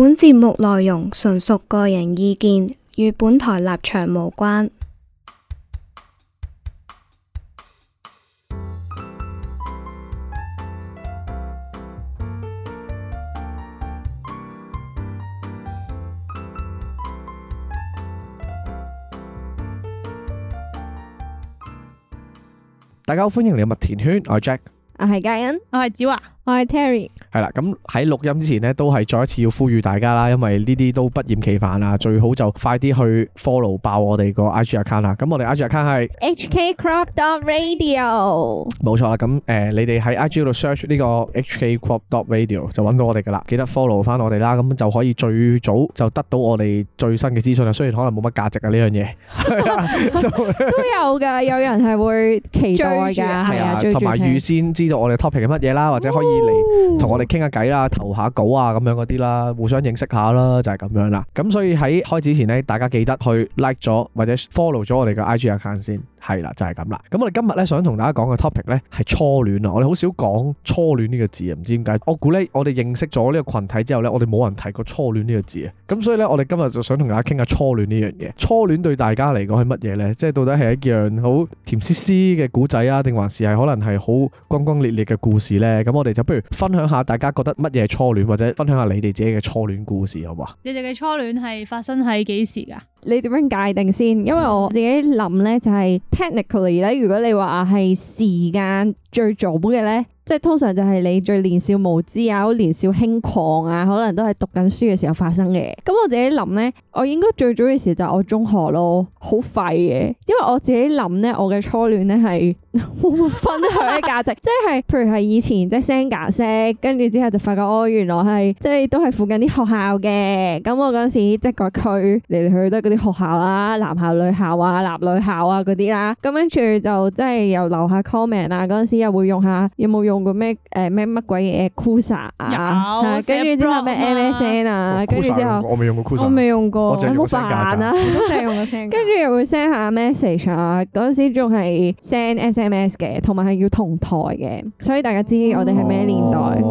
本節目內容純屬個人意見，與本台立場無關。大家好，歡迎嚟麥田圈。我係 Jack， 我係嘉欣， 我係子華。我係 Terry，係啦，咁喺錄音之前呢，都係再一次要呼籲大家啦，因為呢啲都不厭其煩啦，最好就快啲去 follow 爆我哋個 IG account 啦。咁我哋 IG account 係 HKcrop dot radio，冇錯啦。咁誒、呃，你哋喺 IG 度 search 呢個 HKcrop dot radio 就揾到我哋噶啦，記得 follow 翻我哋啦，咁就可以最早就得到我哋最新嘅資訊啦。雖然可能冇乜價值啊呢樣嘢， 都有噶，有人係會期待噶，係著啊，同埋預先知道我哋 topic 係乜嘢啦，或者可以、哦。嚟同我哋傾下偈啦，投下稿啊，咁樣嗰啲啦，互相認識下啦，就係咁樣啦。咁所以喺開始前呢，大家記得去 like 咗或者 follow 咗我哋嘅 IG account 先。係啦，就係咁啦。咁我哋今日咧，想同大家講嘅 topic 咧係初戀啊。我哋好少講初戀呢個字啊，唔知點解。我估咧，我哋認識咗呢個群體之後咧，我哋冇人提過初戀呢個字啊。咁所以咧，我哋今日就想同大家傾下初戀呢樣嘢。初戀對大家嚟講係乜嘢咧？即係到底係一樣好甜絲絲嘅古仔啊，定還是係可能係好轟轟烈烈嘅故事咧？咁我哋就不如分享下大家覺得乜嘢係初戀，或者分享下你哋自己嘅初戀故事，好嘛？你哋嘅初戀係發生喺幾時噶？你點樣界定先？因為我自己諗咧就係、是、technically 咧，如果你話係時間最早嘅咧，即係通常就係你最年少無知啊、年少輕狂啊，可能都係讀緊書嘅時候發生嘅。咁我自己諗咧，我應該最早嘅時候就係我中學咯，好快嘅。因為我自己諗咧，我嘅初戀咧係。會 分享啲價值，即係譬如係以前即係 send 架，跟住之後就發覺哦，原來係即係都係附近啲學校嘅。咁我嗰陣時即係個區嚟嚟去離離去都係嗰啲學校啦，男校、校女校啊，男女校啊嗰啲啦。咁跟住就即係又留下 comment 啊，嗰陣時又會用下有冇用過咩誒咩乜鬼嘅酷沙啊，跟住有之後咩 MSN 啊，跟住之後我未用過，我未用過，冇辦啊，淨係 用過跟住 又會 send 下 message 啊，嗰陣時仲係 send。嘅，同埋係要同台嘅，所以大家知我哋係咩年代。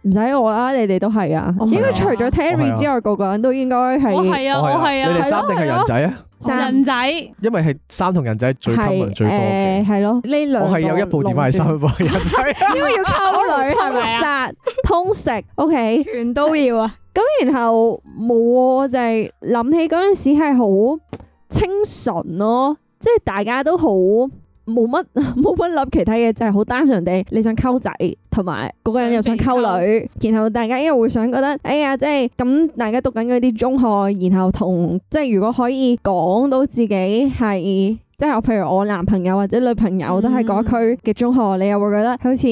唔使我啦，你哋都係啊。應該除咗 Terry 之外，個個人都應該係。我係啊，我係啊。你哋三定係人仔啊？人仔，因為係三同人仔最吸引最多嘅係咯。呢輪我係有一部電話係三個人仔，因為要溝女係咪啊？通食，OK，全都要啊。咁然後冇我就諗起嗰陣時係好清純咯，即係大家都好。冇乜冇乜諗其他嘢，就係好單純地，你想溝仔，同埋嗰個人又想溝女，然後大家又會想覺得，哎呀，即係咁大家讀緊嗰啲中學，然後同即係如果可以講到自己係，即係譬如我男朋友或者女朋友都係嗰區嘅中學，嗯、你又會覺得好似。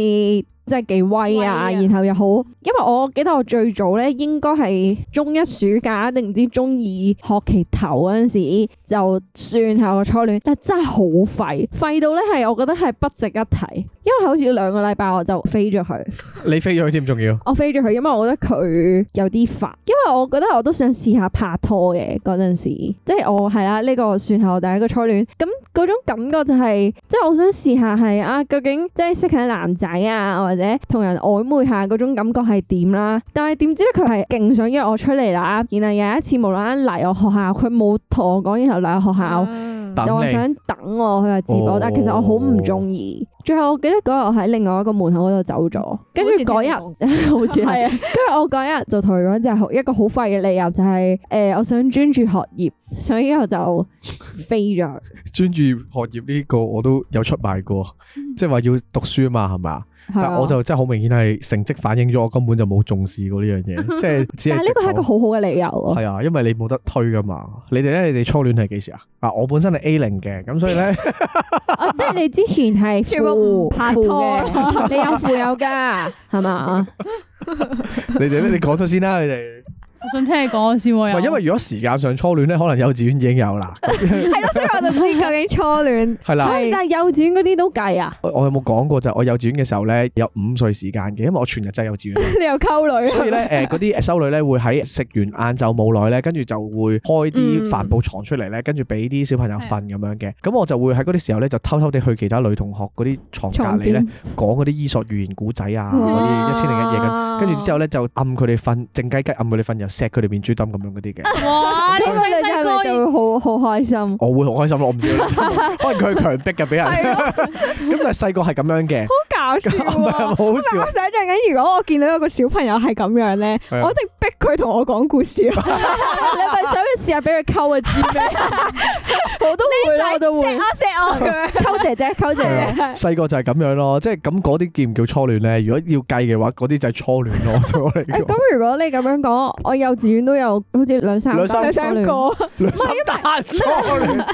真係幾威啊！威，然後又好，因為我記得我最早咧，應該係中一暑假定唔知中二學期頭嗰陣時，就算係我初戀，但真係好廢，廢到咧係我覺得係不值一提。因為好似兩個禮拜我就飛咗佢， 你飛咗佢添唔重要？我飛咗佢，因為我覺得佢有啲煩，因為我覺得我都想試下拍拖嘅嗰陣時，即係我係啦呢、這個算係我第一個初戀，咁嗰種感覺就係、是，即係我想試下係啊，究竟即係識下男仔啊，或者同人曖昧下嗰種感覺係點啦？但係點知咧佢係勁想約我出嚟啦，然後有一次無啦啦嚟我學校，佢冇同我講，然後嚟我學校、嗯、就話想等我，佢話接我，哦、但其實我好唔中意。最後我記得嗰日我喺另外一個門口嗰度走咗，跟住嗰日好似係，跟住我嗰日就同佢講即係一個好廢嘅理由，就、呃、係我想專注學業，所以我就飛咗。專注 學業呢個我都有出賣過，即係話要讀書嘛，係嘛。 但我就真係好明顯係成績反映咗我根本就冇重視過呢樣嘢，即係只係。 但呢個係一個好好嘅理由。係啊，因為你冇得推噶嘛。你哋咧，你哋初戀係幾時啊？啊，我本身係 A 零嘅，咁所以咧 哦，即係你之前係拍拖、啊父，你有負有噶係嘛啊？你哋咧，你講咗先啦，你哋。我想聽你講先。因為如果時間上初戀咧，可能幼稚園已經有啦。係咯， 所以我就唔知究竟初戀係啦。但係幼稚園嗰啲都計啊。我有冇講過就我幼稚園嘅時候咧有午睡時間嘅，因為我全日制幼稚園。 你又溝女？所以咧，誒嗰啲修女咧會喺食完晏晝冇耐咧，跟住就會開啲帆布床出嚟咧，嗯、跟住俾啲小朋友瞓咁的樣嘅。咁我就會喺嗰啲時候咧就偷偷地去其他女同學嗰啲床隔籬咧講嗰啲伊索寓言故、啊、古仔啊嗰啲一千零一夜、啊、跟住之後咧就暗佢哋瞓，靜雞雞暗佢哋瞓錫佢哋面珠墩咁樣嗰啲嘅，哇！啲細細個女係咪就會好好開，開心，我會好開心咯，我唔知，可能佢強迫嘅俾人，咁但係細個係咁樣嘅。 搞笑，我想象緊，如果我見到一個小朋友係咁樣咧，我一定逼佢同我講故事啊！你咪想去試下俾佢溝啊知咩？我都會啦，我都會。錫我，錫我咁樣溝姐姐，溝姐姐。細個就係咁樣咯，即係咁嗰啲叫唔叫初戀咧？如果要計嘅話，嗰啲就係初戀咯。我哋。咁如果你咁樣講，我幼稚園都有好似兩三兩三個兩三單初戀。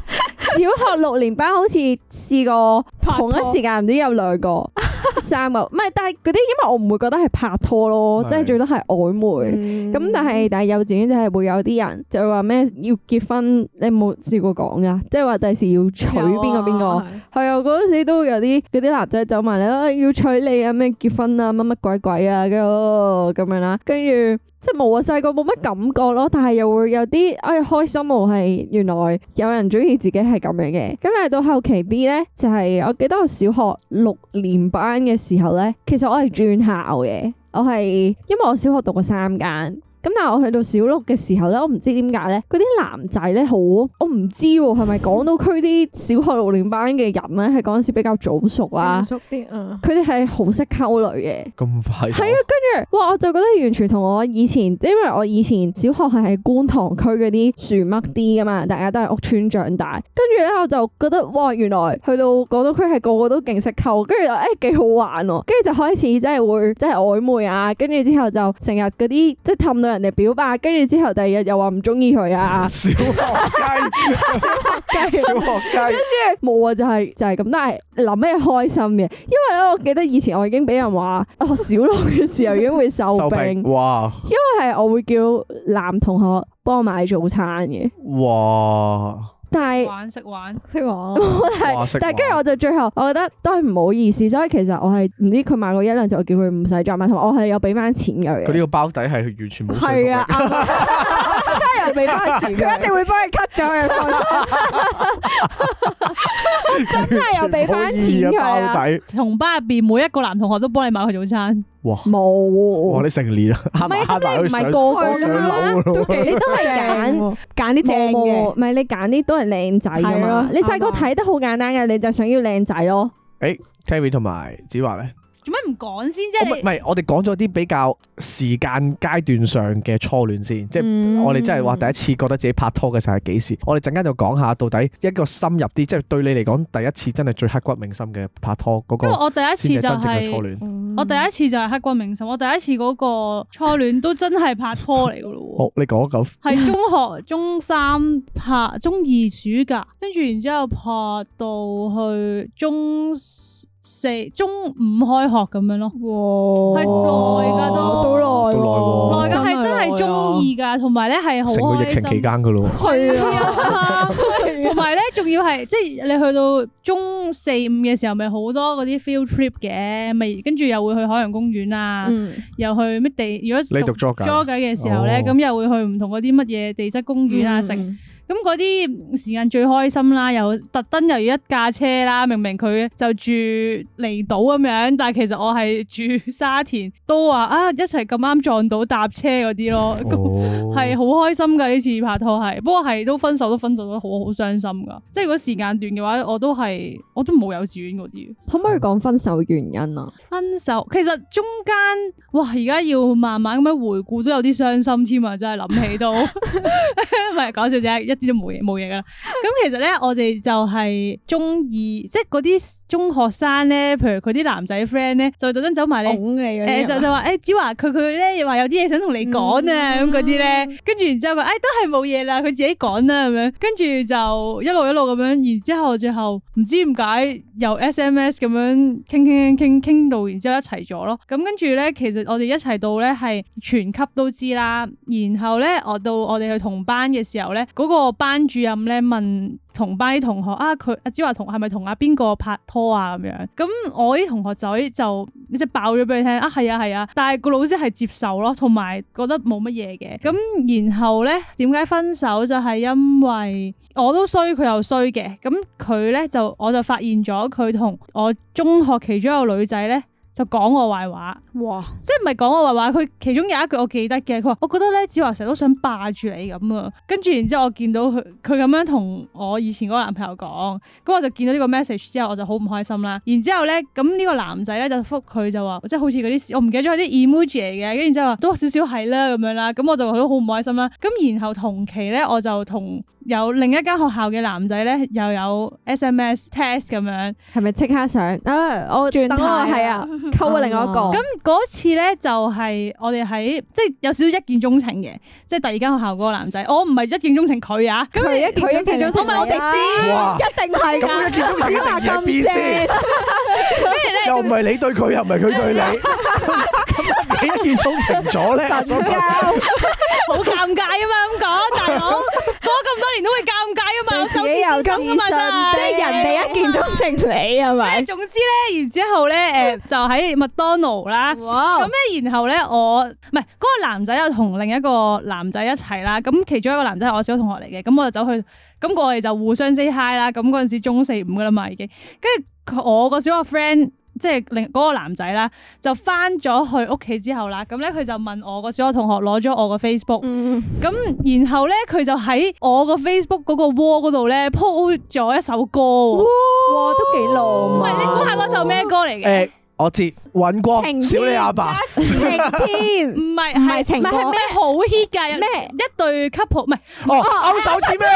小學六年班好似試過同一時間唔拖知有兩個、 三個，唔係，但係嗰啲因為我唔會覺得係拍拖咯，是即係最多係曖昧。咁、嗯、但係但係幼稚園就係會有啲人就話咩要結婚，你冇試過講噶？即係話第時要娶邊個邊個，係啊嗰陣時都會有啲嗰啲男仔走埋嚟啦，要娶你啊咩結婚啊乜乜鬼鬼啊咁樣啦，跟住。即係冇啊！細個冇乜感覺咯，但係又會有啲哎開心哦，係原來有人中意自己係咁樣嘅。咁嚟到後期 b 咧，就係，是，我記得我小學六年班嘅時候咧，其實我係轉校嘅。我係因為我小學讀過三間。咁但係我去到小六嘅時候咧，我唔知點解咧，嗰啲男仔咧，好我唔知喎，啊，係咪港島區啲小學六年班嘅人咧，係嗰陣時比較早熟啊，成熟啲啊，佢哋係好識溝女嘅，咁快係啊，跟住哇，我就覺得完全同我以前，因為我以前小學係喺觀塘區嗰啲庶乜啲噶嘛，大家都係屋村長大，跟住咧我就覺得哇，原來去到港島區係個個都勁識溝，跟住誒幾好玩哦，啊，跟住就開始真係會真係曖昧啊，跟住之後就成日嗰啲即係氹女。人哋表白，跟住之後第二日又話唔中意佢啊！ 小學雞 雞， 小學雞雞， 跟住冇啊，就係、是、就係、是、咁，但係諗咩開心嘅？因為咧，我記得以前我已經俾人話，哦，小學嘅時候已經會收兵, 收兵哇，因為係我會叫男同學幫我買早餐嘅哇。但係玩食玩食玩，玩 但係是但係跟住我就最後，我覺得都係唔好意思，所以其實我係唔知佢買過一兩次，我叫佢唔使再買，同埋我係有俾翻錢佢。佢呢個包底係完全冇。係啊。 啊 佢一定會幫你 cut 咗佢，真係又俾翻錢佢啊！同班入邊每一個男同學都幫你買個早餐。哇，冇你成年啦，唔係咁你唔係個個啦，你都係揀揀啲正嘅，唔係你揀啲都係靚仔噶嘛？你細個睇得好簡單嘅，你就想要靚仔咯。誒，Kerry 同埋子華咧？做咩唔講先，即係，唔係唔係，我哋講咗啲比較時間階段上嘅初戀先，即係我哋真係話第一次覺得自己拍拖嘅時候係幾時？我哋陣間就講下到底一個深入啲，即係對你嚟講第一次真係最刻骨銘心嘅拍拖嗰、嗰個真正嘅初戀。因為我第一次就係真正嘅初戀，嗯、我第一次就係刻骨銘心。我第一次嗰個初戀都真係拍拖嚟噶咯喎。哦，你講一講。係中學中三拍，中二暑假跟住，然之後拍到去中四中五開學咁樣咯，喎係耐㗎，都都耐，耐㗎係真係鍾意㗎，同埋咧係好。成個疫情期間㗎咯，係啊，同埋咧仲要係即係你去到中四五嘅時候，咪好多嗰啲 field trip 嘅，咪跟住又會去海洋公園啊，又去咩地？如果你讀 geog 嘅時候咧，咁又會去唔同嗰啲乜嘢地質公園啊，成。咁嗰啲時間最開心啦，特又特登又要一架車啦。明明佢就住離島咁樣，但係其實我係住沙田，都話啊一齊咁啱撞到搭車嗰啲咯，係好、哦、 開心㗎呢次拍拖係。不過係都分手都分手得好好傷心㗎。即係如果時間段嘅話，我都係我都冇幼稚園嗰啲。可唔可以講分手原因啊？分手其實中間哇，而家要慢慢咁樣回顧都有啲傷心添啊！真係諗起都唔係講笑啫一。 知道冇嘢冇嘢噶啦，咁其實咧我哋就係中意，即係嗰啲中學生咧，譬如佢啲男仔 friend 咧，就特登走埋嚟哄你，誒就就話誒子華佢佢咧又話有啲嘢想同你講啊，咁嗰啲咧，跟住然之後佢誒都係冇嘢啦，佢自己講啦咁樣，跟住就一路一路咁樣，然之後最後唔知點解由 SMS 咁樣傾傾傾傾傾到，然之後一齊咗咯，咁跟住咧其實我哋一齊到咧係全級都知啦，然後咧我到我哋去同班嘅時候咧嗰個。個班主任咧問同班啲同學啊，佢阿、啊、子華同係咪同阿邊個拍拖啊？咁樣咁我啲同學仔就即係爆咗俾佢聽啊，係啊係啊，啊，但係個老師係接受咯，同埋覺得冇乜嘢嘅。咁然後咧，點解分手就係、是、因為我都衰佢又衰嘅，咁佢咧就我就發現咗佢同我中學其中一個女仔咧。就講我壞話，哇！即係唔係講我壞話，佢其中有一句我記得嘅，佢話，我覺得咧，子華成日都想霸住你咁啊。跟住，然之後我見到佢，佢咁樣同我以前嗰個男朋友講，咁我就見到呢個 message 之後，我就好唔開心啦。然之後咧，咁呢個男仔咧就覆佢就話，即係好似嗰啲我唔記得咗係啲 emoji 嚟嘅，跟住然之後話都少少係啦咁樣啦，咁我就話都好唔開心啦。咁然後同期咧，我就同。有另一間學校嘅男仔咧，又有 SMS test 咁樣，係咪即刻上啊？我轉台，係啊，溝過、啊、另外一個。咁嗰、嗯啊、次咧就係我哋喺即係有少少一見鐘情嘅，即係第二間學校嗰個男仔。 我唔係一見鐘情佢啊，佢一見鐘情咗先，我哋知，哇一定係㗎。嗯、一見鐘情一定係邊先？又唔係你對佢，又唔係佢對你，咁樣一見鍾情咗咧？好尷尬啊嘛，咁講大佬過咁多年都會尷尬啊嘛，首次見面咁㗎嘛，即係人哋一見鍾情你係咪？總之咧，然之後咧，誒，就喺麥當勞啦，咁咧，然後咧，我唔係嗰個男仔又同另一個男仔一齊啦，咁其中一個男仔係我小學同學嚟嘅，咁我就走去，咁我哋就互相 say hi 啦，咁嗰陣時中四五噶啦嘛，已經，跟住。我個小學 friend 即係另嗰個男仔啦，就翻咗去屋企之後啦，咁咧佢就問我個小學同學攞咗我個 Facebook，咁、嗯嗯、然後咧佢就喺我個 Facebook 嗰個 wall 嗰度咧 po 咗一首歌，哇，都幾浪漫。唔係你估下嗰首咩歌嚟嘅？欸我知尹光，少你阿爸晴天，唔係唔係晴天，係咩好 hit 噶？咩一對 couple 唔係哦，勾手指咩？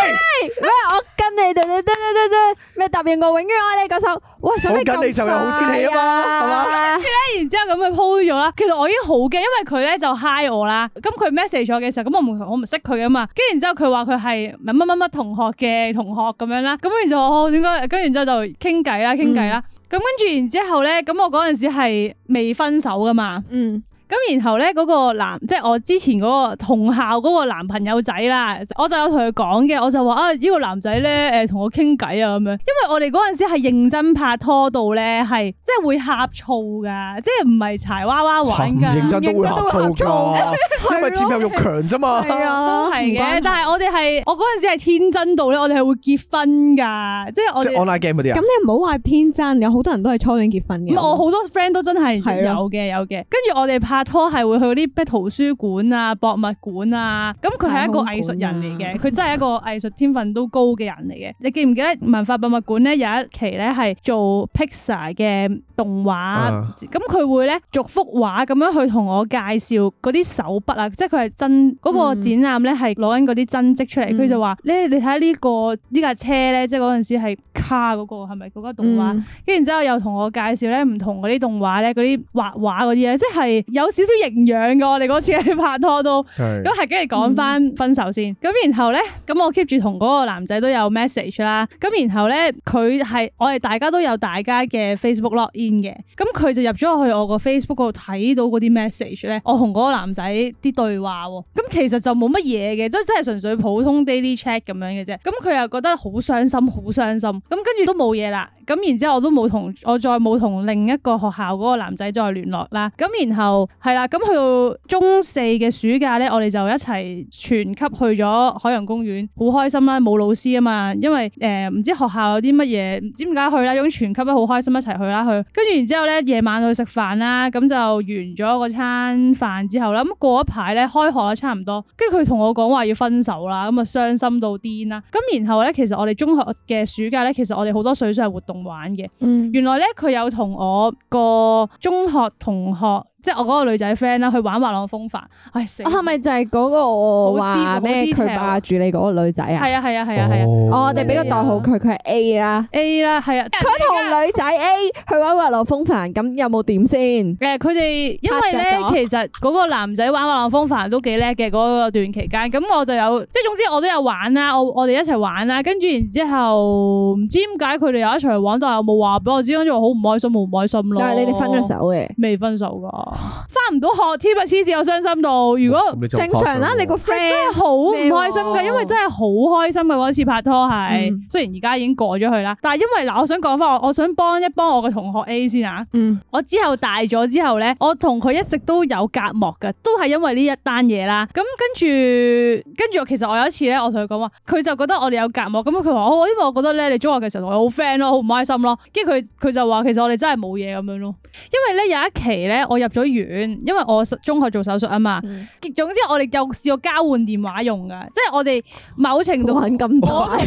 喂，我跟你對對對對對咩？答應過永遠愛你嗰首。哇，我跟你就係好天氣啊嘛，係嘛？跟住咧，然之後咁咪鋪咗啦。其實我已經好驚，因為佢咧就 high 我啦。咁佢 message 咗嘅時候，咁我唔我唔識佢啊嘛。跟住然之後佢話佢係唔係乜乜乜同學嘅同學咁樣啦。咁然之後我點解？跟住然之後就傾偈啦，傾偈啦。咁跟住，然之後咧，咁我嗰陣時係未分手㗎嘛。嗯。咁然後咧嗰、那個男，即係我之前嗰個同校嗰個男朋友仔啦，我就有同佢講嘅，我就話啊，依、這個男仔咧，誒、呃，同我傾偈啊咁樣，因為我哋嗰陣時係認真拍拖到咧，係即係會呷醋噶，即係唔係柴娃娃玩㗎、嗯，認真都會呷醋㗎，醋 了因為佔有欲強啫嘛， 啊、都、啊、係嘅，但係我哋係我嗰陣時係天真到咧，我哋係會結婚㗎，即係我 online game 嗰啲啊，咁你唔好話天真，有好多人都係初戀結婚嘅，咁我好多 friend 都真係有嘅、啊、有嘅，跟住我哋拍。拍拖係會去啲咩圖書館啊、博物館啊，咁佢係一個藝術人嚟嘅，佢真係一個藝術天分都高嘅人嚟嘅。 你記唔記得文化博物館咧有一期咧係做 Pixar 嘅動畫，咁佢、啊、會咧逐幅畫咁樣去同我介紹嗰啲手筆啊，即係佢係真嗰、嗰個展覽咧係攞緊嗰啲真跡出嚟，佢、嗯、就話咧你睇下呢個呢架、呢個、車咧，即係嗰陣時係卡嗰個係咪嗰個動畫？嗯、跟住之後又同我介紹咧唔同嗰啲動畫咧嗰啲畫畫嗰啲咧，即係有。少少營養嘅我哋嗰次喺拍拖都，咁係梗係講返分手先，咁、嗯、然後咧，咁我 keep 住同嗰個男仔都有 message 啦，咁然後咧佢係我哋大家都有大家嘅 Facebook login 嘅，咁佢就入咗去我個 Facebook 度睇到嗰啲 message 咧，我同嗰個男仔啲對話喎、喔，咁其實就冇乜嘢嘅，都真係純粹普通 daily check 咁樣嘅啫，咁佢又覺得好傷心，好傷心，咁跟住都冇嘢啦。咁然之後我都冇同我再冇同另一個學校嗰個男仔再聯絡啦。咁然後係啦，咁去到中四嘅暑假咧，我哋就一齊全級去咗海洋公園，好開心啦！冇老師啊嘛，因為誒唔知學校有啲乜嘢，點解去啦？總之全級咧好開心一齊去啦去。跟住然之後咧，夜晚去食飯啦，咁就完咗嗰餐飯之後啦，咁過一排咧開學啦，差唔多。跟住佢同我講話要分手啦，咁啊傷心到癲啦。咁然後咧，其實我哋中學嘅暑假咧，其實我哋好多水上活動。玩嘅，嗯，原來咧佢有同我個中學同學。即係我嗰個女仔 friend 啦，去玩滑浪風帆，哎死！係咪就係嗰個話咩佢霸住你嗰個女仔啊？係啊係啊係啊係啊！我哋俾個代號佢，佢係 A 啦，A 啦，係啊。佢同女仔 A 去玩滑浪風帆，咁有冇點先？誒，佢哋因為咧，其實嗰個男仔玩滑浪風帆都幾叻嘅嗰個段期間。咁我就有即係總之我都有玩啦，我我哋一齊玩啦。跟住然之後唔知點解佢哋有一齊玩，但係冇話俾我知，跟住我好唔開心，好唔開心咯。但係你哋分咗手嘅？未分手噶。翻唔到學添啊！黐線，我傷心到。如果正常啦，你個 friend 真係好唔開心噶，因為真係好開心嘅嗰一次拍拖係。雖然而家已經過咗去啦，但係因為嗱，我想講翻我，我想幫一幫我個同學 A 先啊。嗯，我之後大咗之後咧，我同佢一直都有隔膜嘅，都係因為呢一單嘢啦。咁跟住，跟住其實我有一次咧，我同佢講話，佢就覺得我哋有隔膜。咁佢話，哦，因為我覺得咧，你中學嘅時候同佢好 friend 咯，好唔開心咯。跟住佢，佢就話其實我哋真係冇嘢咁樣咯。因為咧有一期咧，我入咗。遠，因為我中學做手術啊嘛，嗯、總之我哋又試過交換電話用㗎，嗯、即係我哋某程度玩咁多，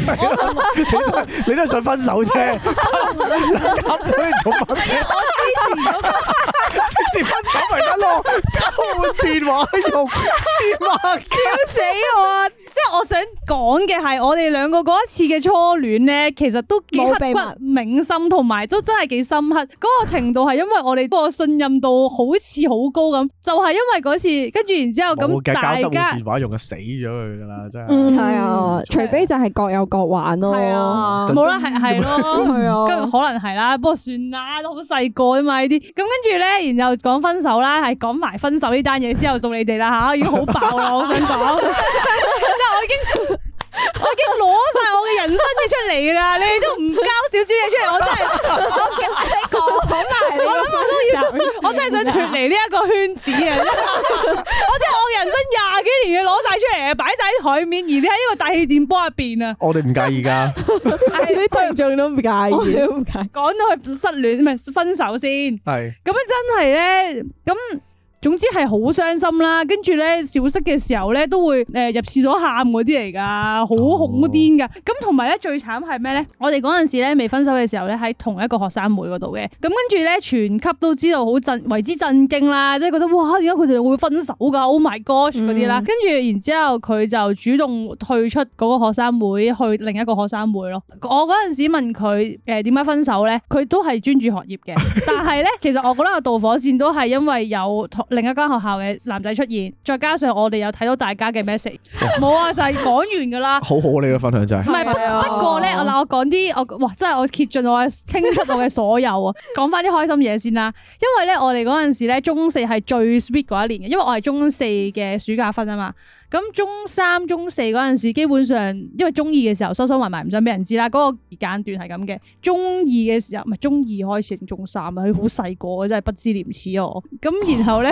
你都係想分手啫，你都係想分手。 直接分手咪得咯，交換電話用，千萬，笑， 死我啊！即係我想講嘅係，我哋兩個嗰一次嘅初戀咧，其實都幾刻骨銘心，同埋都真係幾深刻。嗰、那個程度係因為我哋個信任度好似好高咁，就係、是、因為嗰次，跟住然之後咁的大家交換電話用就，死咗佢噶啦，真係。嗯，係啊、嗯，除非、嗯、就係各有各玩咯。係啊，冇啦， 係係咯，跟住、啊啊、 可能係啦，不過算啦，都好細個啫嘛呢啲。咁跟住咧。然後講分手啦，係講埋分手呢單嘢，之後到你哋啦吓，已經好爆啦， 我想講，即係 我已經。 我已經攞晒我嘅人生嘅出嚟啦，你都唔交少少嘢出嚟，我真係我講你講啊！我諗我都要，我真係想脫離呢一個圈子啊！我真係我，我人生廿幾年要攞晒出嚟啊，擺晒喺海面，而你喺呢個大氣電波入邊啊！我哋唔介意噶， 你對象都唔介意，唔 講到佢失戀，唔係分手先係。咁樣是真係咧，咁。總之係好傷心啦，跟住咧小息嘅時候咧都會誒、呃、入廁所喊嗰啲嚟噶，好恐癲噶。咁同埋咧最慘係咩咧？我哋嗰陣時咧未分手嘅時候咧喺同一個學生會嗰度嘅，咁跟住咧全級都知道好震，為之震驚啦，即係覺得哇，點解佢哋會分手噶？Oh my god 嗰啲啦，跟住然之後佢就主動退出嗰個學生會，去另一個學生會咯。我嗰陣時問佢誒點解分手咧，佢都係專注學業嘅。但係咧，其實我覺得導火線都係因為有。另一間學校嘅男仔出現，再加上我哋有睇到大家嘅 message，冇啊，就係、是、講完噶啦。好，好你嘅分享就係，唔係不過咧，嗱，我講啲我哇真係我竭盡我嘅傾出我嘅所有啊，講翻啲開心嘢先啦。因為咧我哋嗰陣時咧中四係最 sweet 嗰一年嘅，因為我係中四嘅暑假分啊嘛。咁中三、中四嗰陣時，基本上因為中二嘅時候收收埋埋，唔想俾人知啦。嗰個時間段係咁嘅。中二嘅時候，唔係中二開始定中三啊？佢好細個，真係不知廉恥哦。咁然後咧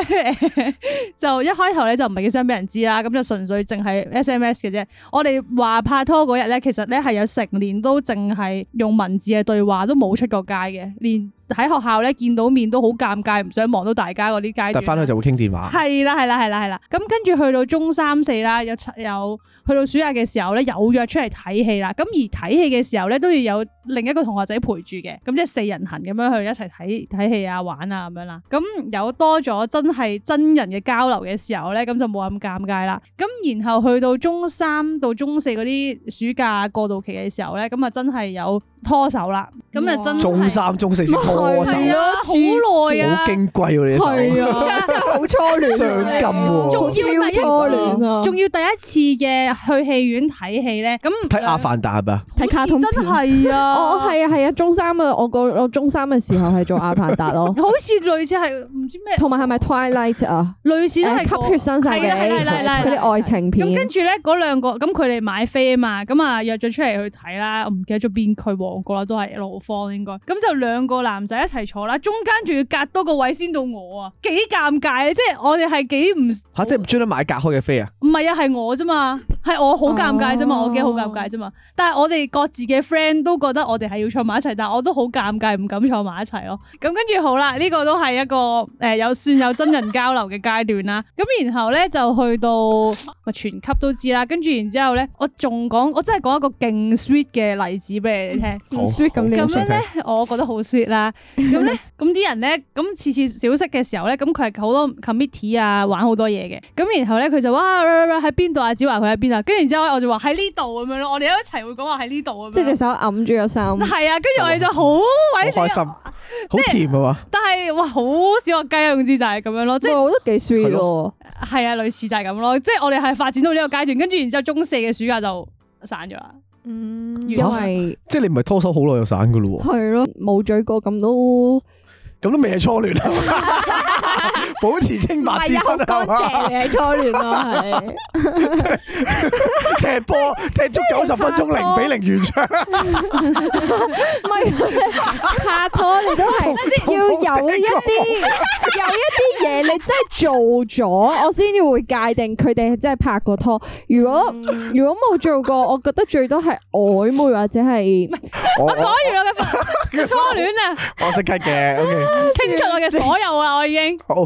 就一開頭咧就唔係幾想俾人知啦。咁就純粹淨係 S M S 嘅啫。我哋話拍拖嗰日咧，其實咧係有成年都淨係用文字嘅對話，都冇出過街嘅，連。喺學校咧見到面都好尷尬，唔想望到大家嗰啲階段。搭翻去就會傾電話。係啦，係啦，係啦，係啦。咁跟住去到中三四啦，有七有。去到暑假嘅時候咧，有約出嚟睇戲啦。咁而睇戲嘅時候咧，都要有另一個同學仔陪住嘅。咁即係四人行咁樣去一齊睇睇戲啊、玩啊咁樣啦。咁有多咗真係真人嘅交流嘅時候咧，咁就冇咁尷尬啦。咁然後去到中三到中四嗰啲暑假過渡期嘅時候咧，咁啊真係有拖手啦。咁啊真中三中四先拖手啊，好耐啊，好矜貴喎！呢啲係啊，真係好初戀， 上金喎、啊，仲要第一次初戀啊，仲要第一次嘅。去戲院睇戲咧，咁、嗯、睇阿凡達啊？睇卡通片真係啊、嗯！哦、嗯，係啊，係啊，中三啊，我個我中三嘅時候係做阿凡達咯， 好似類似係唔知咩，同埋係咪 Twilight 啊？ 類似都係、嗰個、吸血新世紀嘅，嗰啲愛情片。咁跟住咧，嗰兩個咁佢哋買飛啊嘛，咁啊約咗出嚟去睇啦。我唔記得咗邊區旺角啦，都係羅芳應該。咁就兩個男仔一齊坐啦，中間仲要隔多個位先到我啊，幾尷尬啊！即係我哋係幾唔吓，即係專登買隔開嘅飛啊？唔係啊，係我啫嘛。係我好尷尬啫嘛，我驚好尷尬啫嘛。哦、但係我哋各自嘅 friend 都覺得我哋係要坐埋一齊，但我都好尷尬，唔敢坐埋一齊咯。咁跟住好啦，呢、呢個都係一個誒有算有真人交流嘅階段啦。咁 然後咧就去到全級都知啦。跟住然之後咧，我仲講，我真係講一個勁 sweet 嘅例子俾你聽、嗯。好，咁樣咧？我覺得好 sweet 啦。咁咧， 咁啲人咧，咁次次小息嘅時候咧，咁佢係好多 committee 啊，玩好多嘢嘅。咁然後咧，佢就哇喺邊度？阿子華佢喺邊？跟住然之後我就話喺呢度咁樣咯，我哋一齊會講話喺呢度。咁即係隻手揞住個心。係啊，跟住我哋就好，好開心，好是甜啊嘛。但係哇，好少個雞啊，總之就係咁樣咯。即係我覺得幾 sweet 咯。係啊，類似就係咁咯。即係我哋係發展到呢個階段，跟住然之後中四嘅暑假就散咗啦。嗯，來因為、啊、即係你唔係拖手好耐又散嘅咯。係咯，冇追過咁都咁都未係初戀啊。 保持清白之身係嘛？你係初戀喎，踢波踢足九十分鐘零比零完場。唔係拍拖，你都係要有一啲有一啲嘢你真係做咗，我先至會界定佢哋真係拍過拖。如果如果冇做過，我覺得最多係曖昧。或者係我講完我嘅初戀啦，我識計嘅，O K，傾出我嘅所有啦，我已經好。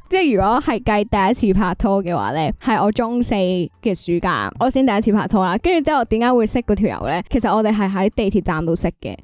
即係如果係計第一次拍拖嘅話咧，係我中四嘅暑假，我先第一次拍拖啦，跟住之後點解會識嗰條友咧？其實我哋係喺地鐵站度識嘅。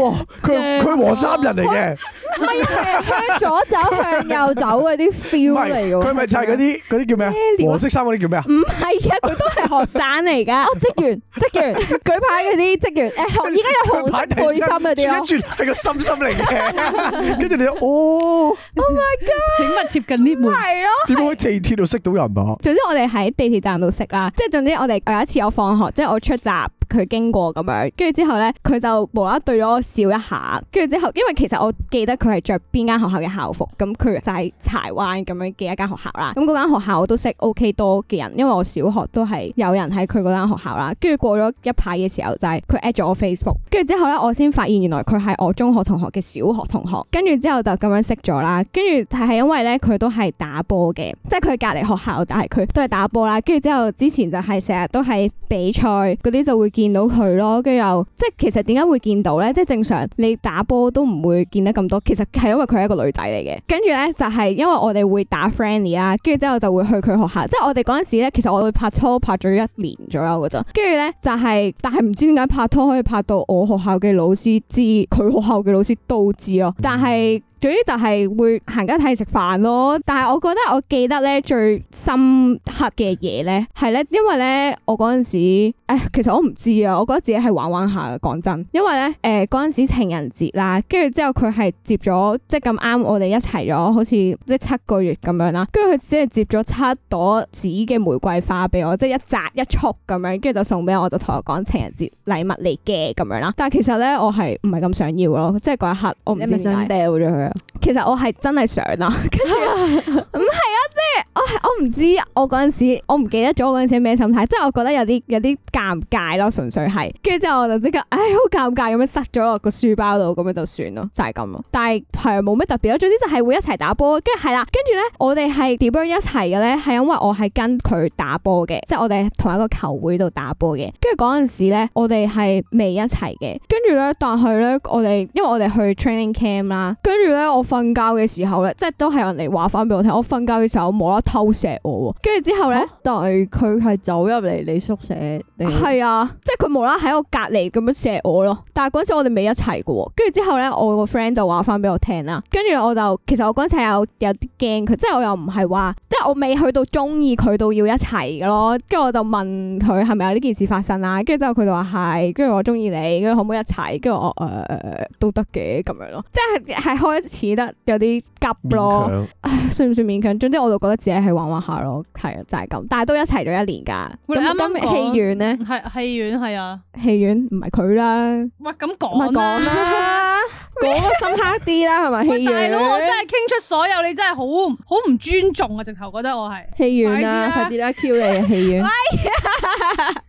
哇！佢佢黃衫人嚟嘅，係向 左走向右走嗰啲 feel 嚟嘅。佢咪就係嗰啲嗰啲叫咩啊？黃色衫嗰啲叫咩啊？唔係啊，佢都係學生嚟噶。哦，職員、職員舉牌嗰啲職員，誒，依家有紅色背心啲，轉一轉係個心心嚟嘅。跟住你哦，Oh my God！請問接近係咯，點解喺地鐵度識到人啊？總之我哋喺地鐵站度識啦，即係總之我哋有一次我放學，即係我出閘。佢經過咁樣，跟住之後咧，佢就無啦啦對咗我笑一下，跟住之後，因為其實我記得佢係着邊間學校嘅校服，咁佢就係柴灣咁樣嘅一間學校啦。咁嗰間學校我都識 OK 多嘅人，因為我小學都係有人喺佢嗰間學校啦。跟住過咗一排嘅時候，就係佢 at 咗我 Facebook，跟住之後咧，我先發現原來佢係我中學同學嘅小學同學。跟住之後就咁樣識咗啦。跟住係因為咧，佢都係打波嘅，即係佢隔離學校，但係佢都係打波啦。跟住之後，之前就係成日都喺比賽嗰啲就會見見到佢咯，跟住又即係其實點解會見到咧？即係正常你打波都唔會見得咁多，其實係因為佢係一個女仔嚟嘅。跟住咧就係、是、因為我哋會打 friendly 啦，跟住之後就會去佢學校。即係我哋嗰陣時咧，其實我會拍拖拍咗一年左右嘅啫。跟住咧就係、是、但係唔知點解拍拖可以拍到我學校嘅老師知，佢學校嘅老師都知咯。但係。總之就係會行街、睇食飯咯，但係我覺得我記得咧，最深刻嘅嘢咧係咧，因為咧我嗰陣時誒、哎、其實我唔知啊，我覺得自己係玩玩下嘅，講真。因為咧誒，嗰陣時情人節啦，跟住之後佢係接咗即係咁啱我哋一齊咗，好似即係七個月咁樣啦，跟住佢只係接咗七朵紫嘅玫瑰花俾我，即係一紮一束咁樣，跟住就送俾我就，就同我講情人節禮物嚟嘅咁樣啦。但係其實咧我係唔係咁想要咯，即係嗰一刻我唔知想掉咗佢。其實我係真係想的 啊，跟住唔係啊，即係。我唔知，我嗰陣時我唔記得咗嗰陣時咩心態，即係我覺得有啲有啲尷尬咯，純粹係，跟住之後我就即刻，唉，好尷尬咁樣塞咗落個書包度，咁樣就算咯，就係咁咯。但係係冇咩特別咯，總之就係會一齊打波，跟住係啦，跟住咧我哋係點樣一齊嘅咧，係因為我係跟佢打波嘅，即係我哋同一個球會度打波嘅，跟住嗰陣時咧我哋係未一齊嘅，跟住咧但係咧我哋因為我哋去 training camp 啦，跟住咧我瞓覺嘅時候咧，即係都係人哋話翻俾我聽，我瞓覺嘅時候冇得。我無緣無緣偷錫我，跟住之後咧、啊，但係佢係走入嚟，你宿舍，係啊，即係佢無啦喺我隔籬咁樣錫我咯。但係嗰時我哋未一齊嘅，跟住之後咧，我個 friend 就話翻俾我聽啦。跟住我就其實我嗰時有有啲驚佢，即係我又唔係話，即係我未去到中意佢到要一齊嘅咯。跟住我就問佢係咪有呢件事發生啦、啊？跟住之後佢就話係，跟住我中意你，跟住可唔可以一齊？跟住我誒、呃、都得嘅咁樣咯，即係係開始得有啲急咯，強算唔算勉強？總之我就覺得自己嘢係玩玩下咯，係啊，就係咁，但係都一齊咗一年噶。啱啱戲院咧，係戲院係啊，戲院唔係佢啦。喂，咁講咪講啦，講深刻啲啦，係咪戲院？大佬，我真係傾出所有，你真係好好唔尊重啊！直頭覺得我係戲院啦，快啲啦，Q 你戲院，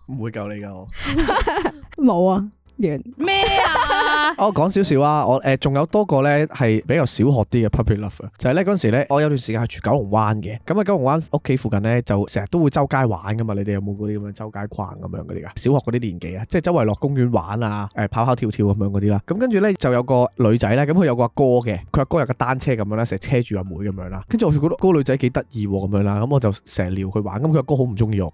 唔會救你噶，我冇啊。咩啊！我講少少啊，我誒仲有多個咧，係比較小學啲嘅 puppy lover，就係咧嗰陣時咧，我有段時間係住九龍灣嘅，咁啊九龍灣屋企附近咧就成日都會周街玩噶嘛，你哋有冇嗰啲咁樣周街逛咁樣嗰啲噶？小學嗰啲年紀啊，即係周圍落公園玩啊，誒跑跑跳跳咁樣嗰啲啦，咁跟住咧就有個女仔咧，咁佢有個阿哥嘅，佢阿哥有個單車咁樣啦，成日車住阿妹咁樣啦，跟住我就覺得嗰個女仔幾得意咁樣啦，咁我就成日撩佢玩，咁佢阿哥好唔中意我。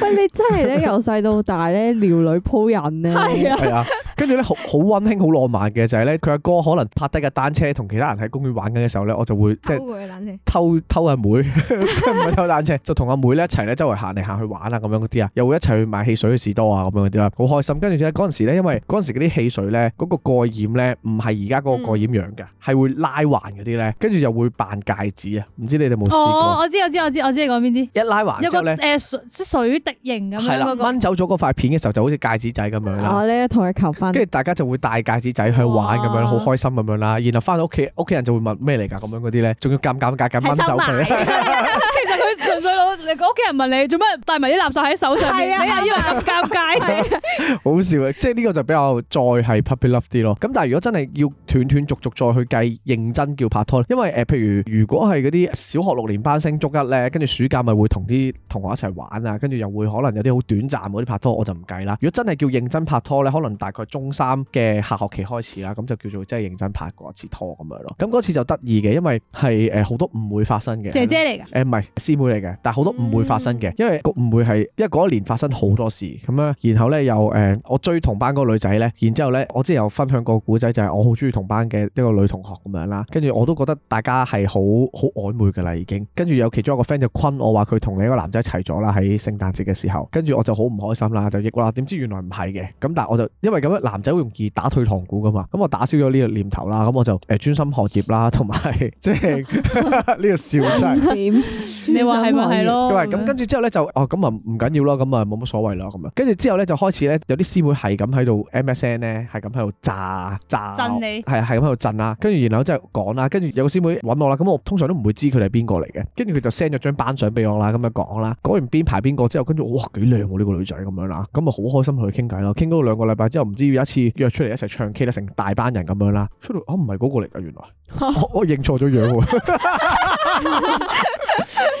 喂，你真係咧，由細到大咧撩女鋪人咧。係啊。跟住咧，好好溫馨、好浪漫嘅就係咧，佢阿哥可能拍低架單車同其他人喺公園玩緊嘅時候咧，我就會即係偷佢嘅單車，偷偷阿妹，唔 係偷單車， 就同阿妹咧一齊咧周圍行嚟行去玩啊咁樣嗰啲啊，又會一齊去買汽水士多啊咁樣嗰啲啦，好開心。跟住咧嗰時咧，因為嗰陣時嗰啲汽水咧嗰個蓋掩咧唔係而家嗰個蓋掩樣嘅，係、嗯、會拉環嗰啲咧，跟住又會扮戒指啊。唔知你哋有冇試過？哦、我知我知我知我知你講邊啲？一拉環之後咧、呃，水滴形咁樣嗰個，掹走咗嗰塊片嘅時候就好似戒指仔咁樣啦、啊。我咧同佢求婚。跟住大家就會戴戒指仔去玩咁哇樣，好開心咁樣啦。然後翻到屋企，屋企人就會問咩嚟㗎咁樣嗰啲咧，仲要咁尷尬咁掹走佢。 其實佢純粹攞你個屋企人問你做咩帶埋啲垃圾喺手上嘅，你係以為咁尷尬？好笑啊！即係呢個就比較再係 puppy love 啲咯。咁但係如果真係要斷斷續續再去計認真叫拍拖，因為誒譬、呃、如如果係嗰啲小學六年班升中一咧，跟住暑假咪會同啲同學一齊玩啊，跟住又會可能有啲好短暫嗰啲拍拖，我就唔計啦。如果真係叫認真拍拖咧，可能大概。中三嘅下學期開始啦，咁就叫做即係認真拍過一次拖咁樣咯。咁嗰次就得意嘅，因為係誒好多誤會發生嘅。姐姐嚟嘅，誒唔係師妹嚟嘅，但係好多誤會發生嘅、嗯，因為個誤會係因為嗰一年發生好多事咁樣。然後咧又誒、呃、我追同班嗰個女仔咧，然之後咧我之前有分享過個古仔就係我好中意同班嘅一個女同學咁樣啦。跟住我都覺得大家係好好曖昧噶啦已經。跟住有其中一個 friend 就昆我話佢同另一個男仔一齊咗啦，喺聖誕節嘅時候。跟住我就好唔開心啦，就抑鬱啦。點知原來唔係嘅，咁但係我就因為咁樣。男仔好容易打退堂鼓噶嘛，咁我打消咗呢個念頭啦，咁我就誒專心學業啦，同埋即係呢個笑真係 你話係咪係咯？咁、嗯嗯嗯、跟住之後咧就哦咁啊唔緊要咯，咁啊冇乜所謂啦，咁啊跟住之後咧就開始咧有啲師妹係咁喺度 MSN 咧係咁喺度炸炸震你係啊係咁喺度震啦，跟住然後之後講啦，跟住有個師妹搵我啦，咁我通常都唔會知佢哋係邊個嚟嘅，跟住佢就 send 咗張班相俾我啦，咁啊講啦，講完邊排邊個之後，跟住哇幾靚喎呢個女仔咁樣啦，咁啊好開心同佢傾偈咯，傾嗰兩個禮拜之後唔知。有一次約出嚟一齊唱 K 咧，成大班人咁樣啦，出度啊唔係嗰個嚟噶原來我、那個 哦、我認錯咗、哦、樣，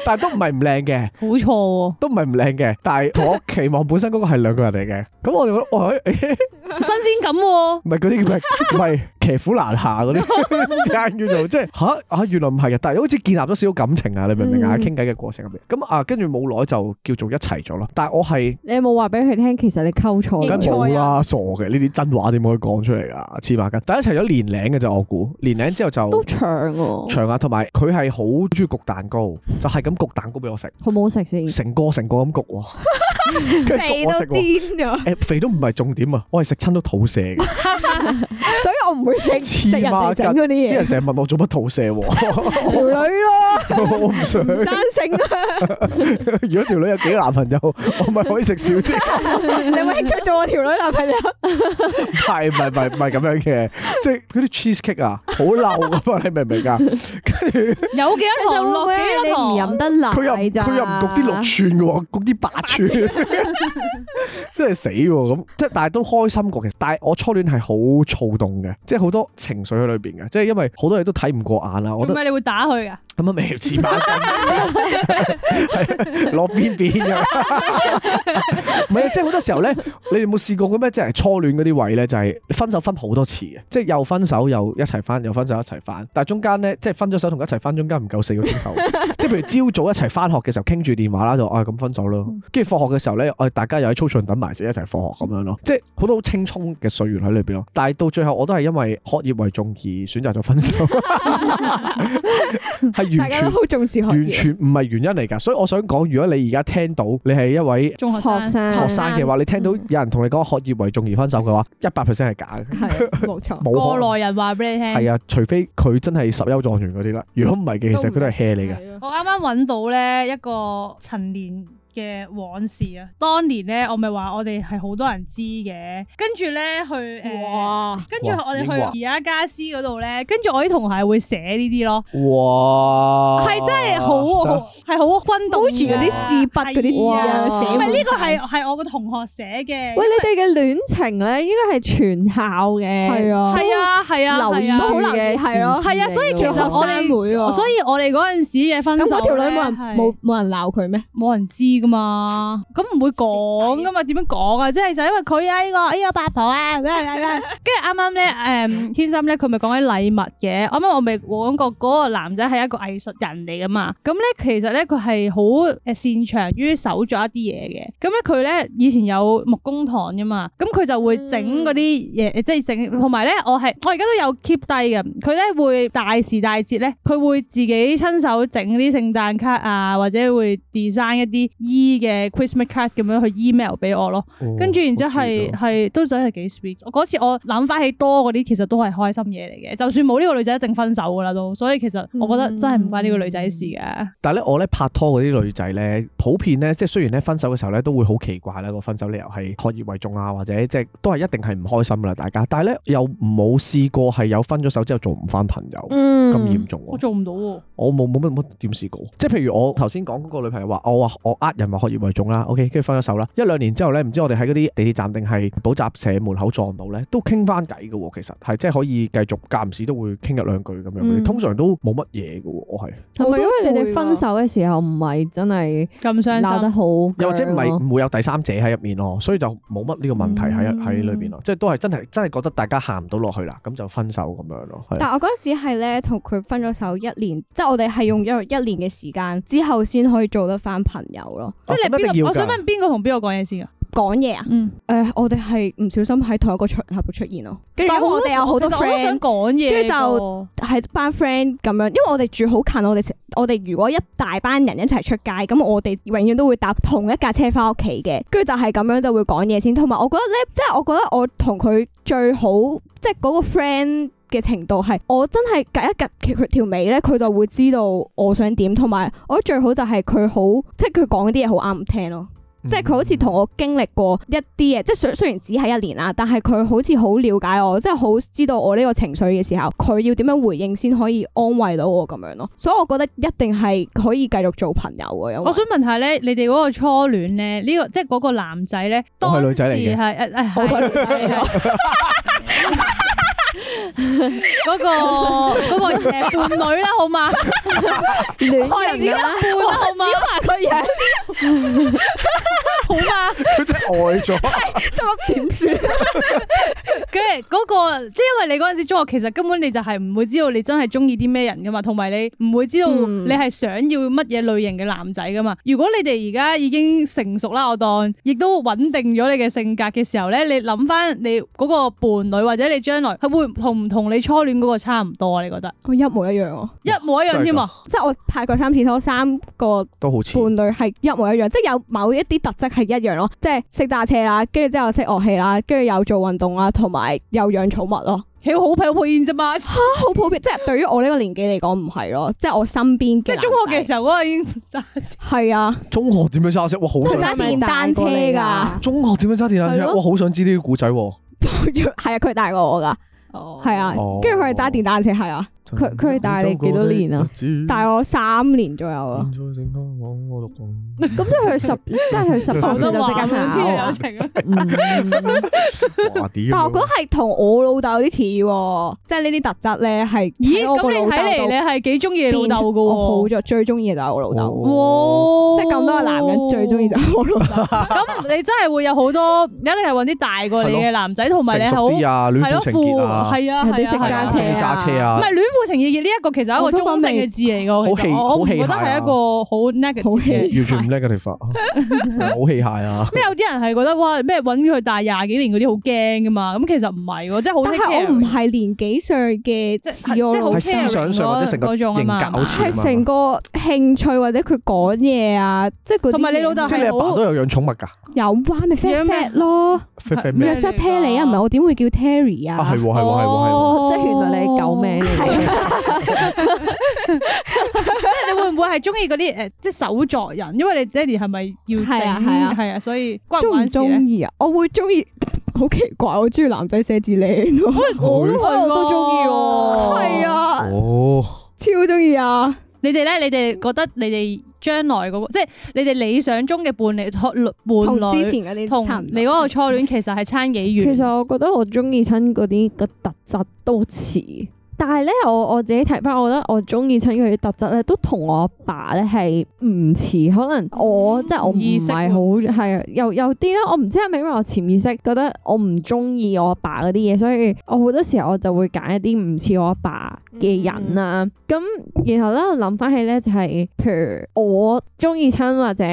但係都唔係唔靚嘅，冇錯，都唔係唔靚嘅，但係同我期望本身嗰個係兩個人嚟嘅，咁 我哋覺得、哎哎、新鮮感、哦，唔係嗰啲，唔係。 騎虎難下嗰啲， 跟住就即係吓吓，原來唔係嘅，但係好似建立咗少少感情啊！你明唔明、嗯、啊？傾偈嘅過程入邊咁啊，跟住冇耐就叫做一齊咗啦。但係我係你有冇話俾佢聽？其實你溝錯咁冇啦，傻嘅呢啲真話點可以講出嚟啊？黐孖筋，但係一齊咗年幾嘅就我估年幾之後就都長、哦、長啊，同埋佢係好中意焗蛋糕，就係咁焗蛋糕俾我食，好唔好食先？成個成個咁焗。肥到癲咗，誒， 肥都唔係重點啊，我係食親都肚瀉 所以我唔會食。黐孖筋嗰啲嘢，啲人成日問我做乜肚瀉？條 我女咯，我唔想。單身。如果條女有幾個男朋友， 我咪可以食少啲。 你咪興趣做我條女男朋友？係， 唔係，唔係，唔係咁樣嘅，即係嗰啲 cheese cake 啊，好流咁嘛，你明唔明啊？跟 住有幾多糖落，你幾多唔飲得奶，佢又佢又唔焗啲六寸嘅，焗啲八寸。 真係死喎！咁即係，但係都開心過。其實，但係我初戀係好躁動嘅，即係好多情緒喺裏邊嘅。即係因為好多嘢都睇唔過眼啊！我覺得唔係你會打佢噶？咁啊，未似紙板咁，攞邊邊咁。唔係， 即係好多時候咧，你哋冇試過嘅咩？即係初戀嗰啲位咧，就係分手分好多次嘅。即係又分手又一齊翻，又分手一齊翻。但係中間咧，即係分咗手同佢一齊翻，中間唔夠四個鐘頭。 即係譬如朝早一齊翻學嘅時候傾住電話啦，就啊咁、哎、分手咯。跟住放學嘅。就咧，誒，大家又喺操場等埋，一齊放學咁樣咯，即係好多好青葱嘅歲月喺裏邊咯。但係到最後，我都係因為學業為重而選擇咗分手，係 完全重視完全唔係原因嚟㗎。所以我想講，如果你而家聽到你係一位中學生學生嘅話，生你聽到有人同你講學業為重而分手嘅話，一百 percent 係假嘅，冇錯。過來 人話俾你聽，係啊，除非佢真係十優狀元嗰啲啦。如果唔係嘅，其實佢都係 hea 你嘅。我啱啱揾到咧一個陳年嘅往事啊，當年咧，我咪話我哋係好多人知嘅，跟住咧去誒，跟住我哋去宜家家私嗰度咧，跟住我啲同學係會寫呢啲咯，哇，係真係好好，係好轟動，好似嗰啲事筆嗰啲字啊，寫唔係呢個係係我個同學寫嘅，喂，你哋嘅戀情咧應該係全校嘅，係啊，係啊，係啊，留言都好難嘅，係咯，係啊，所以其實學生會，所以我哋嗰陣時嘅分手，咁嗰條女冇人冇冇人鬧佢咩？冇人知。嘛，咁唔會講噶嘛？點樣講啊？即係就因為佢啊，呢個呢個八婆啊，跟住啱啱咧，誒、 嗯，天心咧，佢咪講緊禮物嘅。啱啱我咪講過嗰個男仔係一個藝術人嚟噶嘛。咁、嗯、咧其實咧佢係好誒擅長於手作一啲嘢嘅。咁咧佢咧以前有木工堂噶嘛，咁佢就會整嗰啲嘢，嗯、即係整同埋咧，我係我而家都有 keep 低嘅。佢咧會大時大節咧，佢會自己親手整啲聖誕卡啊，或者會 design 一啲。嘅 Christmas card 咁樣去 email 俾我咯，跟住然之後係係都真係幾 sweet。我嗰次我諗翻起多嗰啲其實都係開心嘢嚟嘅，就算冇呢個女仔一定分手噶啦都，所以其實我覺得真係唔關呢個女仔事嘅、嗯嗯。但係咧，我咧拍拖嗰啲女仔咧。普遍咧，即係雖然咧分手嘅時候咧都會好奇怪啦，個分手理由係學業為重啊，或者即係都係一定係唔開心㗎啦，大家。但係咧又冇試過係有分咗手之後做唔翻朋友，咁、嗯、嚴重喎。我做唔到喎。我冇乜乜點試過，即係譬如我頭先講嗰個女朋友話，我話我呃人話學業為重啦，OK，跟住分咗手啦。一兩年之後咧，唔知我哋喺嗰啲地鐵站定係補習社門口撞到咧，都傾翻偈㗎喎。其實係即係可以繼續暫時都會傾一兩句咁樣，嗯、通常都冇乜嘢㗎喎。我係同埋因為你哋分手嘅時候唔係真係鬧得好，又或者唔係唔會有第三者喺入面咯，嗯、所以就冇乜呢個問題喺喺裏邊咯，嗯、即係都係真係真係覺得大家行唔到落去啦，咁就分手咁樣咯。但我嗰陣時係咧，同佢分咗手一年，即、就、係、是、我哋係用咗一年嘅時間之後先可以做得翻朋友咯。哦、即係你邊個？我想問邊個同邊個講嘢先啊？講嘢啊！誒、嗯呃，我哋係唔小心喺同一個場合出現咯。跟住我哋有好多 friend，跟住就係班 friend 咁樣。因為我哋住好近，我哋我哋如果一大班人一齊出街，咁我哋永遠都會搭同一架車翻屋企嘅。跟住就係咁樣就會講嘢先。同埋，我覺得咧，即係我覺得我同佢最好，即係嗰個 friend 嘅程度係，我真係夾一夾佢條尾咧，佢就會知道我想點。同埋，我覺得最好就係佢好，即係佢講啲嘢好啱聽咯。即係佢好似同我經歷過一啲嘢，即係雖雖然只係一年啦，但係佢好似好了解我，即係好知道我呢個情緒嘅時候，佢要點樣回應先可以安慰到我咁樣咯。所以我覺得一定係可以繼續做朋友嘅。我想問下咧，你哋嗰個初戀咧，呢、呢個即係嗰個男仔咧，係女仔嚟嘅？係誒，好嗰、 嗰個嗰、嗰個伴侶啦， 嗎 好嘛？戀人啦，伴侶啦，好嘛？好嘛，佢 真呆咗， 心諗點算？佢 嗰、嗰個即係因為你嗰陣時中學，其實根本你就係唔會知道你真係中意啲咩人噶嘛，同埋你唔會知道你係想要乜嘢類型嘅男仔噶嘛。嗯、如果你哋而家已經成熟啦，我當亦都穩定咗你嘅性格嘅時候咧，你諗翻你嗰個伴侶或者你將來佢會同唔同你初戀嗰個差唔多啊？你覺得？佢一模一樣啊，哇一模一樣添啊！的即係我拍過三次拖，三個都好似伴侶係一模一樣，即係有某一啲特質係。一樣咯，即係識揸車啦，跟住之後識樂器啦，跟住又做運動啦，同埋又養寵物咯。其實好普遍啫嘛，吓好普遍， 即係對於我呢個年紀嚟講唔係咯， 即係我身邊，即係中學嘅時候嗰個已經揸車。係啊，中學點樣揸車？哇，好想知。佢揸電單車噶中學點樣揸電單車？我好想知呢啲古仔。係啊，佢大過我噶係啊，跟住佢係揸電單車，係啊。佢佢係大你幾多年啊？大我三年左右啊。咁即係佢十，即係佢十，年。先就即刻下。哇屌！但係我覺得係同我老豆有啲似，即係呢啲特質咧係。咦？咁你睇嚟你係幾中意老豆噶？我好咗最中意就係我老豆。哦哦、即係咁多男人最中意就係我老豆。咁 你真係會有好多，一定係搵啲大過你嘅男仔，同埋你好係咯。係啊，人哋識揸車啊，唔係亂。情意意呢一個其實係一個中性嘅字嚟嘅，我唔覺得係一個好 negative，完全唔 negative，好氣械啊！咩有啲人係覺得哇咩搵佢大廿幾年嗰啲好驚噶嘛？咁其實唔係，即係好。但係我唔係年紀上嘅，即係思想上或者成個性格，成個興趣或者佢講嘢啊，即係嗰同埋你老豆係好都有養寵物噶，有咯 s i t e 啊，唔係我點會叫 Terry 啊？係係係即係原來你舊名。 即係你會唔會係中意嗰啲誒，即係手作人？因為你爹哋係咪要整？係啊，係啊，所以關唔中意啊？我會中意，好奇怪，我中意男仔寫字靚。我都我都中意，係啊，哦，超中意啊！你哋咧，你哋覺得你哋將來嗰個，即係你哋理想中嘅伴侶，伴侶之前嗰啲，同你嗰個初戀，其實係差幾遠？其實我覺得我中意親嗰啲嘅特質都似。但係咧，我我自己睇翻，我覺得我中意親佢嘅特質咧，都同我阿爸咧係唔似。可能我意識，即係我唔係好係有有啲啦。我唔知係咪因為我潛意識覺得我唔中意我阿爸嗰啲嘢，所以我好多時候我就會揀一啲唔似我阿爸嘅人啦。咁、嗯、然後咧，我諗翻起咧就係、是，譬如我中意親或者。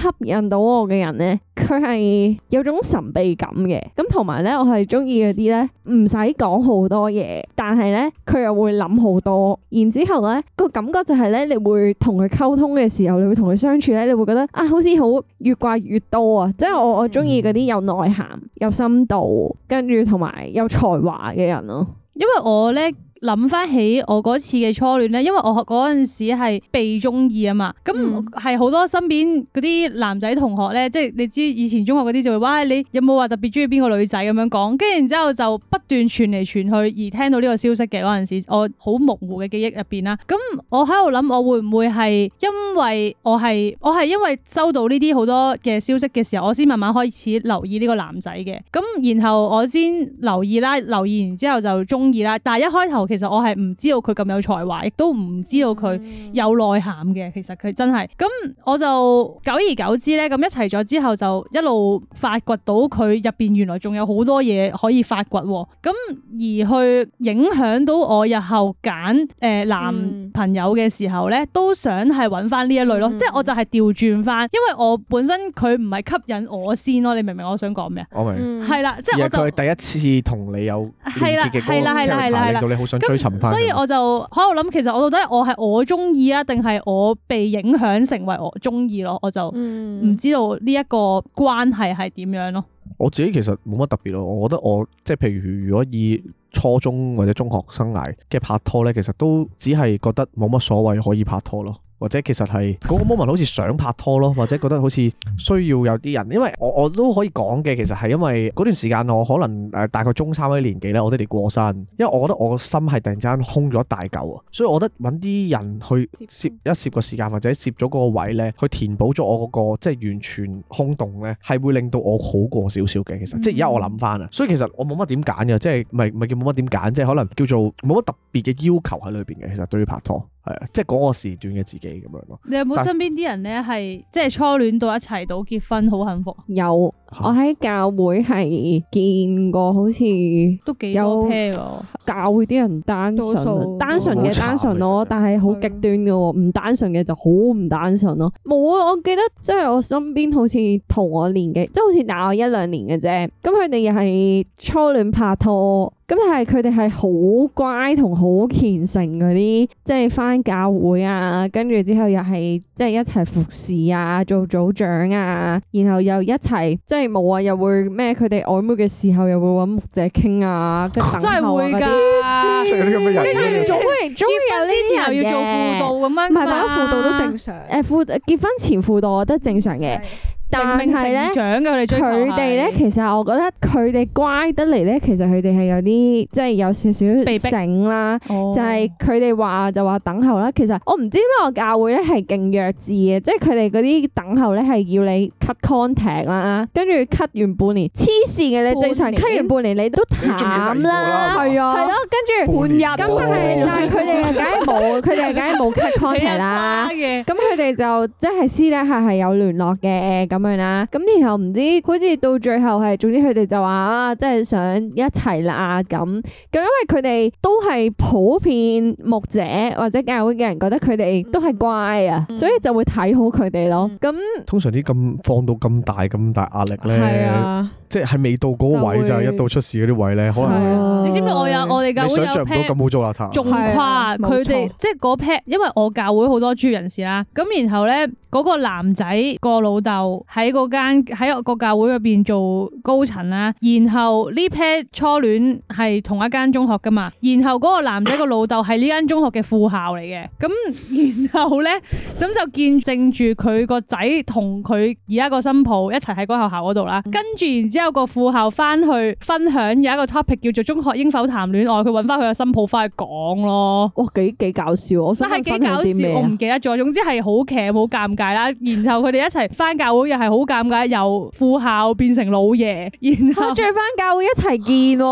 吸引到我嘅人咧，佢係有種神秘感嘅。咁同埋咧，我係中意嗰啲咧，唔使講好多嘢，但係咧佢又會諗好多。然之後咧，個感覺就係咧，你會同佢溝通嘅時候，你會同佢相處咧，你會覺得啊，好似好越掛越多啊。即係我我中意嗰啲有內涵、有深度，跟住同埋有才華嘅人咯。因為我咧。諗翻起我嗰次嘅初戀咧，因為我學嗰陣時係被中意啊嘛，咁係好多身邊嗰啲男仔同學咧，即係你知以前中學嗰啲就會話你有冇話特別中意邊個女仔咁樣講，跟住然之後就不斷傳嚟傳去，而聽到呢個消息嘅嗰陣時，我好模糊嘅記憶入邊啦。咁我喺度諗，我會唔會係因為我係我係因為收到呢啲好多嘅消息嘅時候，我先慢慢開始留意呢個男仔嘅，咁然後我先留意啦，留意完之後就中意啦，但係一開頭。其實我係唔知道佢咁有才華，亦都唔知道佢有內涵嘅。其實佢真係咁，我就久而久之咧，咁一齊咗之後，就一路發掘到佢入邊原來仲有好多嘢可以發掘。咁而去影響到我日後揀誒男朋友嘅時候咧，都想係揾翻呢一類咯。嗯嗯，即係我就係調轉翻，因為我本身佢唔係吸引我先咯。你明唔明我想講咩？我明。係啦 Okay.，即係我就第一次同你有連接嘅嗰個過程，令到你咁所以我就喺度諗，其實我到底我係我中意啊，定係我被影響成為我中意咯？我就唔知道呢一個關係係點樣咯。嗯、我自己其實冇乜特別咯，我覺得我即係譬如如果以初中或者中學生涯嘅拍拖咧，其實都只係覺得冇乜所謂可以拍拖咯。或者其實係嗰個 moment 好似想拍拖咯，或者覺得好似需要有啲人，因為我我都可以講嘅，其實係因為嗰段時間我可能誒大概中三嗰啲年紀咧，我爹哋過身，因為我覺得我個心係突然間空咗大嚿啊，所以我覺得揾啲人去攝一攝個時間或者攝咗個位咧，去填補咗我嗰、嗰個即係完全空洞咧，係會令到我好過少少嘅。其實即係而家我諗翻啊，所以其實我冇乜點揀嘅，即係唔係叫冇乜點揀，即係可能叫做冇乜特別嘅要求喺裏邊嘅。其實對於拍拖。即係嗰個時段嘅自己咁樣咯。你有冇身邊啲人咧，係但，即係初戀到一齊到結婚好幸福？有。我喺教會係見過好似都幾多 pair 咯，教會啲人單純，單純嘅單純咯，但係好極端嘅喎，唔對單純嘅就好唔單純咯。冇啊，我記得即係、就是、我身邊好似同我年紀，即、就、係、是、好似大我一兩年嘅啫。咁佢哋又係初戀拍拖，咁但係佢哋係好乖同好虔誠啲，即係返教會啊，跟住之後又係即係一齊服侍啊，做組長啊，然後又一齊即係。就是冇啊，又會咩？佢哋曖昧嘅時候，又會搵木姐傾啊，真係會噶。跟住些後總會總會有啲嘅。結婚之前要做輔導咁樣，唔係，大家輔導都正常。誒，輔結婚前輔導，我覺得正常嘅。但係咧，佢哋咧，其實我覺得佢哋乖得嚟咧，其實佢哋係有啲即係有少少被迫啦。就係佢哋話就話等候啦。哦、其實我唔知點解我教會咧係勁弱智嘅，即係佢哋嗰啲等候咧係要你 cut contact 啦，跟住 cut 完半年，黐線嘅，你正常 cut 完半年你都淡啦，係啊，係、啊、咯，跟住半年但係，但係佢哋梗係冇，佢哋梗係冇 cut contact 啦。咁佢哋就即係私底下係有聯絡嘅咁。咁樣啦，咁然後唔知好似到最後係，總之佢哋就話啊，即係想一齊啦咁。咁因為佢哋都係普遍牧者或者教會嘅人，覺得佢哋都係乖啊，嗯、所以就會睇好佢哋咯。咁、嗯、那通常啲咁放到咁大咁大壓力咧，嗯嗯、即係未到嗰位就係會一到出事嗰啲位咧，可能、啊、你知唔知我有我哋教會着唔到咁好糟邋遢，仲誇張。佢哋沒錯 即係嗰 pat，因為我教會好多專業人士啦。咁然後咧嗰、嗰個男仔、個老豆。喺嗰間喺個教會入邊做高層啦，然後呢 pair 初戀係同一間中學噶嘛，然後嗰個男仔個老豆係呢間中學嘅副校嚟嘅。咁然後咧咁就見證住佢個仔同佢而家個新抱一齊喺嗰個學校嗰度啦，跟住然之後個副校翻去分享有一個 topic 叫做中學應否談戀愛，佢揾翻佢個新抱翻去講咯，哇幾幾搞笑，我想分享啲咩啊？但係幾搞笑，麼我唔記得咗，總之係好騎好尷尬啦，然後佢哋一齊翻教會係好尷尬，由副校變成老爺，然後着翻教會一齊見，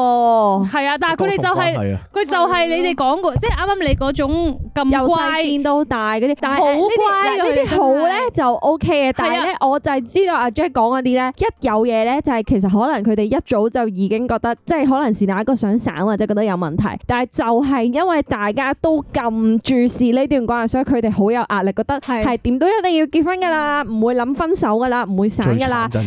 係啊，但係佢哋就係佢就係你哋講過，即係啱啱你嗰種咁由細見到大嗰啲，但係呢啲呢啲好咧就 OK 嘅，但係咧我就係知道阿 Jack 講嗰啲咧，一有嘢咧就係其實可能佢哋一早就已經覺得，即係可能是哪一個想散或者覺得有問題，但係就係因為大家都咁注視呢段關係，所以佢哋好有壓力，覺得係點都一定要結婚㗎喇，唔會諗分手㗎喇。唔會散噶啦，一結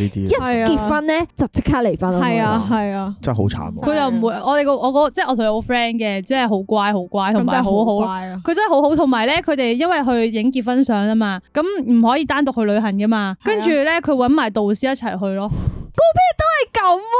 婚咧是、啊、就即刻離婚。係啊係啊，真係好慘。佢又唔會，我哋個我個即係我同佢好 friend 嘅，即係好乖好乖，同埋好好。佢真係好、啊、好，同埋咧佢哋因為去影結婚相啊嘛，咁唔可以單獨去旅行噶嘛，跟住咧佢搵埋導師一齊去咯。個片都係咁啊，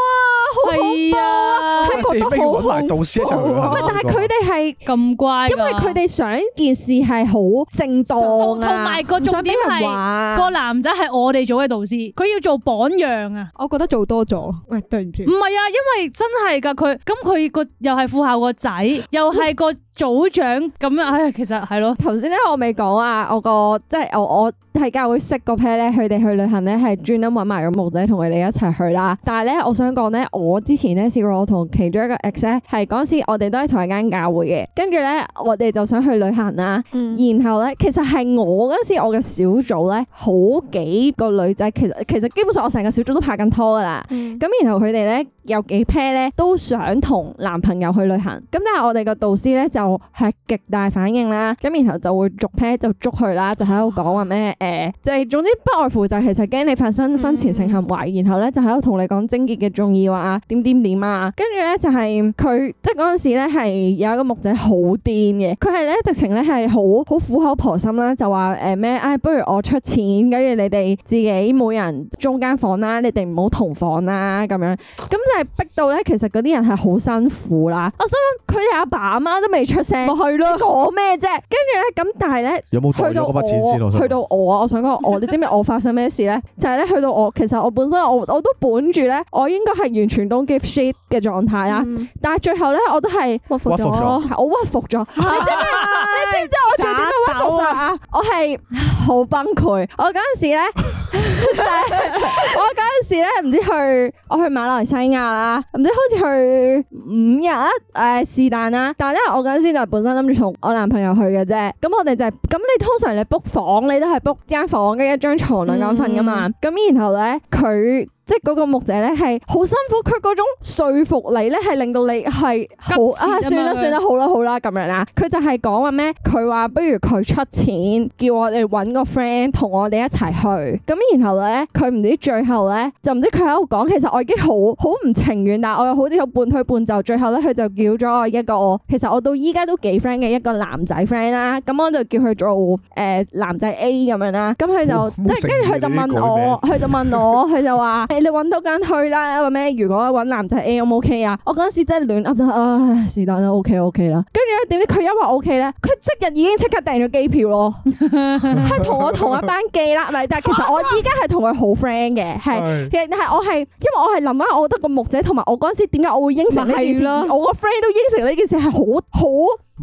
好恐怖啊！係士兵搵埋導師一齊嘅話，唔係、啊，但係佢哋係咁乖。因為佢哋想件事係好正當啊，同埋個重點係個男仔係我哋組嘅導師，佢要做榜樣啊！我覺得做多咗。喂，對唔住。唔係啊，因為真係噶，佢，咁佢個又係副校個仔，又係個組長咁啊，唉， 其實係咯。頭先咧，我未講啊，我個即係我我。我係教會識個 pair 咧，佢哋去旅行咧係專登揾埋個毛仔同佢哋一齊去啦。但係咧，我想講咧，我之前咧試過呢，我呢，我同其中一個 ex 咧，係嗰陣時，我哋都係同一間教會嘅。跟住咧，我哋就想去旅行啦。嗯、然後咧，其實係我嗰陣時，我嘅小組咧好幾個女仔，其實其實基本上我成個小組都拍緊拖㗎啦。咁、嗯、然後佢哋咧。有幾 pair 咧都想同男朋友去旅行，咁但係我哋個導師咧就係、是、極大反應啦，咁然後就會逐 pair 就捉佢啦，就喺度講話咩誒，就係、是、總之不外乎就係，其實驚你發生婚前性行為，然後咧就喺度同你講貞潔嘅重要啊點點點啊，跟住咧就係佢即係嗰陣時咧係有一個木仔好癲嘅，佢係咧直情咧係好好苦口婆心啦，就話誒咩，哎不如我出錢，跟住你哋自己每人租間房啦，你哋唔好同房啦咁樣，咁。 真係逼到咧，其實嗰啲人係好辛苦啦。我心諗佢哋阿爸阿媽都未出聲，咪係咯，講咩啫？跟住咧咁，但係咧，有冇去到我，我去到我啊，我想講我， 你知唔知我發生咩事咧？就係咧，去到我，其實我本身我我都本住咧，我應該係完全唔 give shit 嘅狀態啦。嗯、但係最後咧，我都係屈服咗，我屈服咗。然之後我做點樣搵辦法啊？我係好崩潰，我嗰陣時咧， 我嗰陣時咧唔知去，我去馬來西亞啦，唔知好似去五日誒是但啦，但咧我嗰陣時就本身諗住同我男朋友去嘅啫，咁我哋就咁、是、你通常你 book 房你都係 book 間房跟一張床兩間瞓噶嘛，咁、嗯、然後咧佢。即係嗰個木姐咧係好辛苦，佢嗰種說服你咧係令到你係好啊！算啦算啦，好啦好啦咁樣啦。佢就係講話咩？佢話不如佢出錢，叫我哋揾個 friend 同我哋一齊去。咁然後咧，佢唔知最後咧就唔知佢喺度講，其實我已經好好唔情願，但我又好似有半推半就。最後咧，佢就叫咗我一個，其實我到依家都幾 friend 嘅一個男仔 friend 啦。咁我就叫佢做誒、呃、男仔 A 咁樣啦。咁佢就、哦、即係跟住佢就問我，佢就問我，佢就話。你揾到間去啦？因為咩？如果揾男仔 A，O 唔 OK 啊？我嗰陣時真係亂噏得，唉，是但啦，OK，OK 啦。跟住咧，點知佢因為 OK 咧，佢即日已經即刻訂咗機票咯，佢同 我同一班機啦。唔係，但係其實我依家係同佢好 friend 嘅，係、啊，係我係，因為我係林媽，我,我覺得個木仔同埋我嗰陣時點解我會應承呢件事，我個 friend 都應承呢件事，係好好，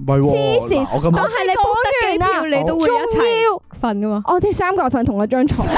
咪痴線。但係、啊、你 book 得勁啲，你都會一齊瞓噶嘛？我哋三個瞓同一張床。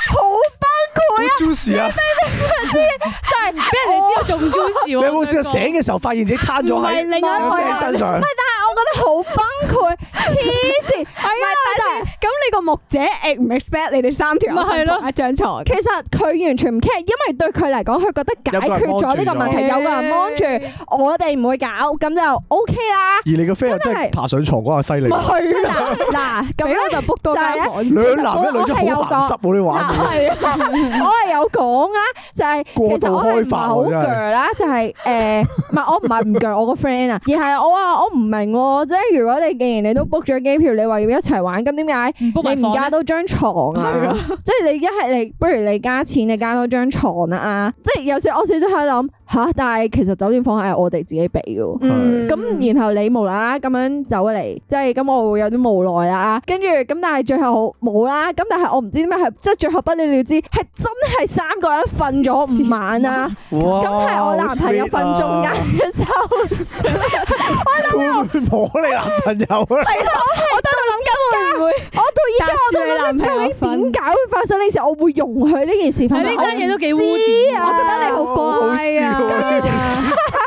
好招事啊！真係俾人哋知我仲招事喎！你有冇試醒嘅時候發現自己攤咗喺另一個身上？唔係，但係我覺得好崩潰，黐線！哎呀，咁你個木者 expect 你哋三條人喺同一張床？其實佢完全唔 care，因為對佢嚟講，佢覺得解決咗呢個問題，有個人幫住我哋唔會搞，咁就 OK 啦。而你個飛人真係爬上床嗰個犀利！去啦，嗱，咁我就 book 到。間啦。兩男一女真係鹹濕嗰啲玩。我係有講啦，就係、是、其實我係唔係好鋸啦，就係、是、誒，唔、欸、係 我唔係唔鋸我個 friend 啊，而係我話我唔明，即係如果你既然你都 book 咗機票，你話要一齊玩，咁點解你唔加多張床啊？即係你一係你不如你加錢，你加多張床啊？即係有時我少少喺度諗吓，但係其實酒店房係我哋自己俾嘅，咁是、嗯、然後你無啦啦咁樣走咗嚟，即係咁我會有啲無奈啦。跟住咁但係最後冇啦，咁但係我唔知點解係即係最後不了了之。真係三個人瞓咗五晚啊。咁係我男朋友瞓中間嘅時候，我諗呢個，摸你男朋友係我喺度諗緊會唔會，我到依家我唔諗男朋友點解會發生呢件事，我會容許呢件事發生。呢單嘢都幾污啊。我覺得你好怪啊。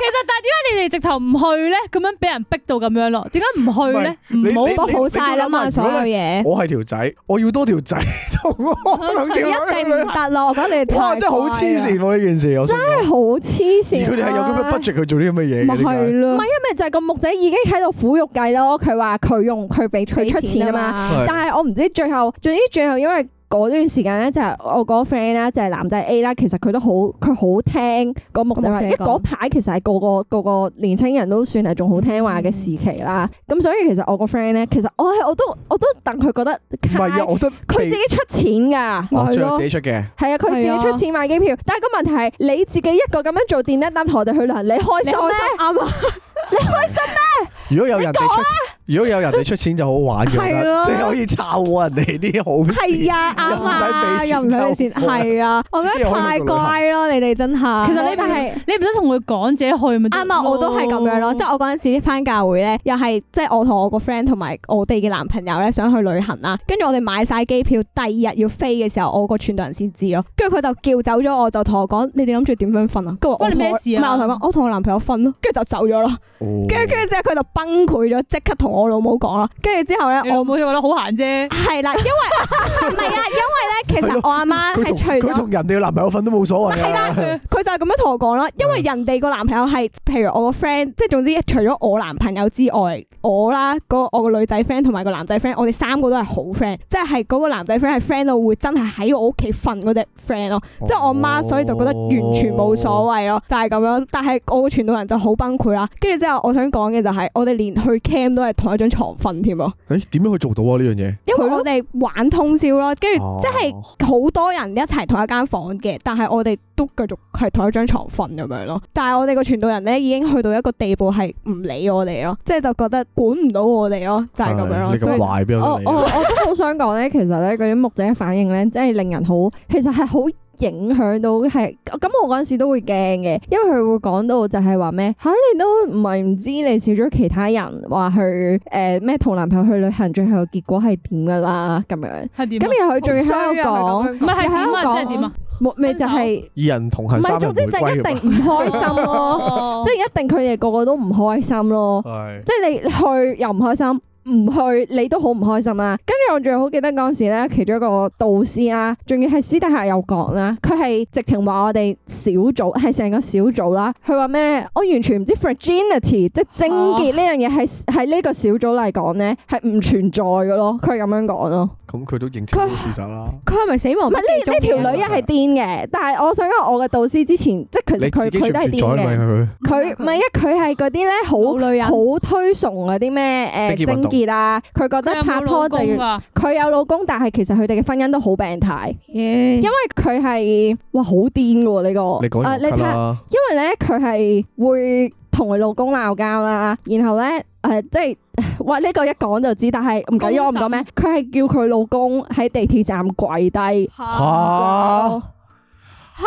其實但係點解你哋直頭唔去咧？咁樣俾人逼到咁樣咯？點解唔去咧？唔好補好晒啦嘛，所有嘢。我係條仔，我要多條仔一定唔得。係咯，咁你睇真係好黐線喎呢件事，真係好黐線。佢哋係有咁嘅 budget 去做啲咁嘅嘢嘅。係咯，唔係，因為就係個木仔已經喺度苦肉計咯。佢話佢用佢俾佢出錢啊嘛。但係我唔知最後，總之最後因為。我嗰段時間咧就係我個 friend 啦，就係、是就是、男仔 A 啦，其實佢都好，佢好聽個目的，即嗰排其實係個個個個年輕人都算係仲好聽話嘅時期啦。咁、嗯、所以其實我個 friend 咧，其實我我都我都等佢覺得，係啊，我得佢自己出錢噶，係、哦、的自己出嘅，係啊，佢自己出錢買機票。是的 但係個問題係你自己一個咁樣做電燈膽同我哋去旅行，你開心咩？啱啊！ 你開心咩？如果有人哋出如果有人哋出錢就好玩嘅，即係可以炒和人哋啲好，係啊，啱啊，又唔使俾錢，又唔使你先，係啊，我覺得太乖咯，你哋真係。其實呢排係你唔使同佢講自己去咪啱啊？我都係咁樣咯，即係我嗰陣時翻教會咧，又係即係我同我個 friend 同埋我哋嘅男朋友咧想去旅行啦。跟住我哋買晒機票，第二日要飛嘅時候，我個傳道人先知咯。跟住佢就叫走咗，我就同我講：你哋諗住點樣瞓啊？跟住關你咩事啊？我同我男朋友瞓咯，跟住就走咗咯。跟住，跟住之後佢就崩潰咗，即刻同我，母我老母講啦。跟住之後咧，我老母就覺得好閒啫。係啦，因為唔係啊，因為咧，其實我阿媽係除咗同人哋嘅男朋友瞓都冇所謂。係啦，佢就係咁樣同我講啦，因為人哋個男朋友係，的譬如我個 friend，即係總之除咗我男朋友之外，我啦，嗰、那個、我個女仔 friend 同埋個男仔 friend，我哋三個都係好 friend，即係嗰個男仔 friend 係 friend 到會真係喺我屋企瞓嗰隻 friend 咯。即係、oh、我阿媽，所以就覺得完全冇所謂咯，就係、是、咁樣。但係我個傳統人就好崩潰啦，跟住。之後我想講嘅就係，我哋連去 cam 都係同一張床瞓添啊！誒、欸，點樣可以做到啊？呢樣嘢，因為我哋玩通宵咯，跟住即係好多人一齊同一間房嘅，但係我哋都繼續係同一張床瞓咁樣咯。但係我哋個傳道人咧，已經去到一個地步係唔理我哋咯，即係就是、覺得管唔到我哋咯，就係咁樣咯。即咁壞邊個我我都好想講咧，其實咧嗰啲木仔嘅反應咧，真係令人好，其實係好。影響到係咁，咁我嗰陣時都會驚嘅，因為佢會講到就係話咩嚇，你都唔係唔知你少咗其他人話去誒咩同男朋友去旅行，最後結果係點噶啦咁樣。係點？咁、啊、然後佢仲要喺度講，唔係係點啊？即係點啊？咪就係二人同行，唔係總之就一定唔開心咯。 哦、即係一定佢哋個個都唔開心咯。即係你去又唔開心。唔去你都好唔開心啦。跟住我仲好記得嗰時咧，其中一個導師啊，仲要係私底下又講啦。佢係直情話我哋小組，係成個小組啦。佢話咩？我完全唔知 virginity 即係貞潔呢樣嘢，係喺呢個小組嚟講咧係唔存在嘅咯。佢係咁樣講咯。咁佢都認清呢事實啦。佢係咪死亡？唔係呢，呢條女一係癲嘅。但係我想講我嘅導師之前，即係其實佢佢都係癲嘅。佢唔係一，佢係嗰啲咧，好女人好推崇嗰啲咩誒貞潔啊。佢覺得拍拖就要佢有，有，有老公，但係其實佢哋嘅婚姻都好病態。Yeah. 因為佢係哇好癲嘅喎呢個。你睇，下、呃、因為咧佢係會同佢老公鬧交啦，然後咧誒、呃、即係。哇！呢個一講就知，但係唔緊要，我唔講咩。佢係叫佢老公喺地鐵站跪低。吓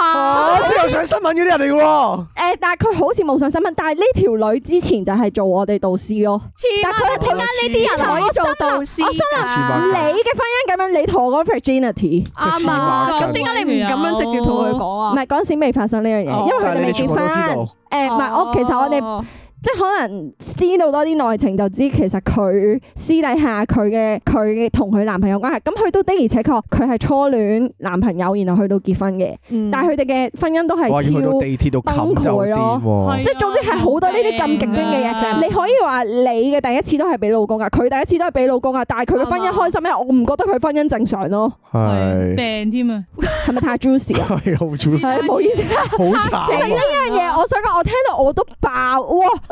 吓，即係有上新聞嗰啲人嚟嘅喎。誒，但係佢好似冇上新聞。但係呢條女之前就係做我哋導師咯。黐孖，但係睇翻呢啲人可以做導師。黐孖，你嘅婚姻咁樣，你同我個 virginity。啱啊，咁點解你唔咁樣直接同佢講啊？唔係嗰陣時未發生呢樣嘢，因為佢哋未結婚。誒，唔係我，其實我哋。即係可能知道多啲內情就知，其實佢私底下佢嘅佢嘅同佢男朋友關係，咁佢都的而且確佢係初戀男朋友，然後去到結婚嘅。但係佢哋嘅婚姻都係超崩潰咯。即係總之係好多呢啲咁極端嘅嘢。你可以話你嘅第一次都係俾老公啊，佢第一次都係俾老公啊。但係佢嘅婚姻開心咩？我唔覺得佢婚姻正常咯。係病添啊，係咪太 juicy 啊？係好 juicy，冇意思，好慘。呢一樣嘢我想講，我聽到我都爆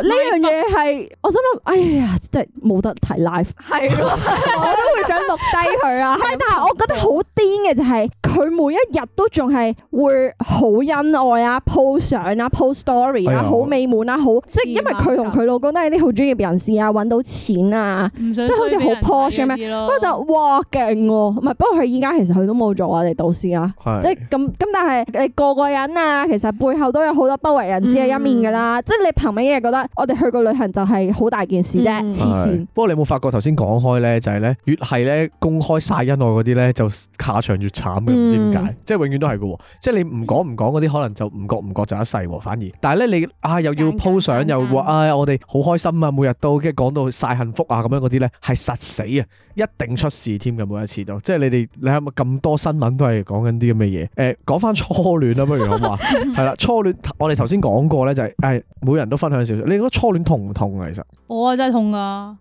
呢樣嘢係，我心諗，哎呀，真係冇得睇 live，係咯，我都會想錄低佢啊。係，但係我覺得好癲嘅就係，佢每一日都仲係會好恩愛啊，po 相啊，po story 啊，好美滿啊，好，即係因為佢同佢老公都係啲好專業人士啊，揾到錢啊，即係好似好 posh 嘅咩？不過就哇勁喎，唔係，不過佢依家其實佢都冇做我哋導師啊，即係咁咁，但係你個個人啊，其實背後都有好多不為人知嘅一面㗎啦，即係你憑乜嘢覺得？我哋去過旅行就係好大件事啫，黐線、嗯經就是。不過你有冇發覺頭先講開咧，就係咧越係咧公開晒恩愛嗰啲咧，就下場越慘嘅，唔知點解，即係永遠都係嘅。即係你唔講唔講嗰啲，可能就唔覺唔覺就一世。反而，但係咧你啊又要 po 相又話啊，哎，我哋好開心啊，每日都即係講到晒幸福啊，咁樣嗰啲咧係實死啊，一定出事添嘅，每一次都。即係你哋你係咪咁多新聞都係講緊啲咁嘅嘢？誒，呃，講翻初戀啦，不如好唔好啊？係啦， 初戀我哋頭先講過咧、就是，就係誒每人都分享少少你覺得初戀痛唔痛？痛啊？其實我真係痛啊！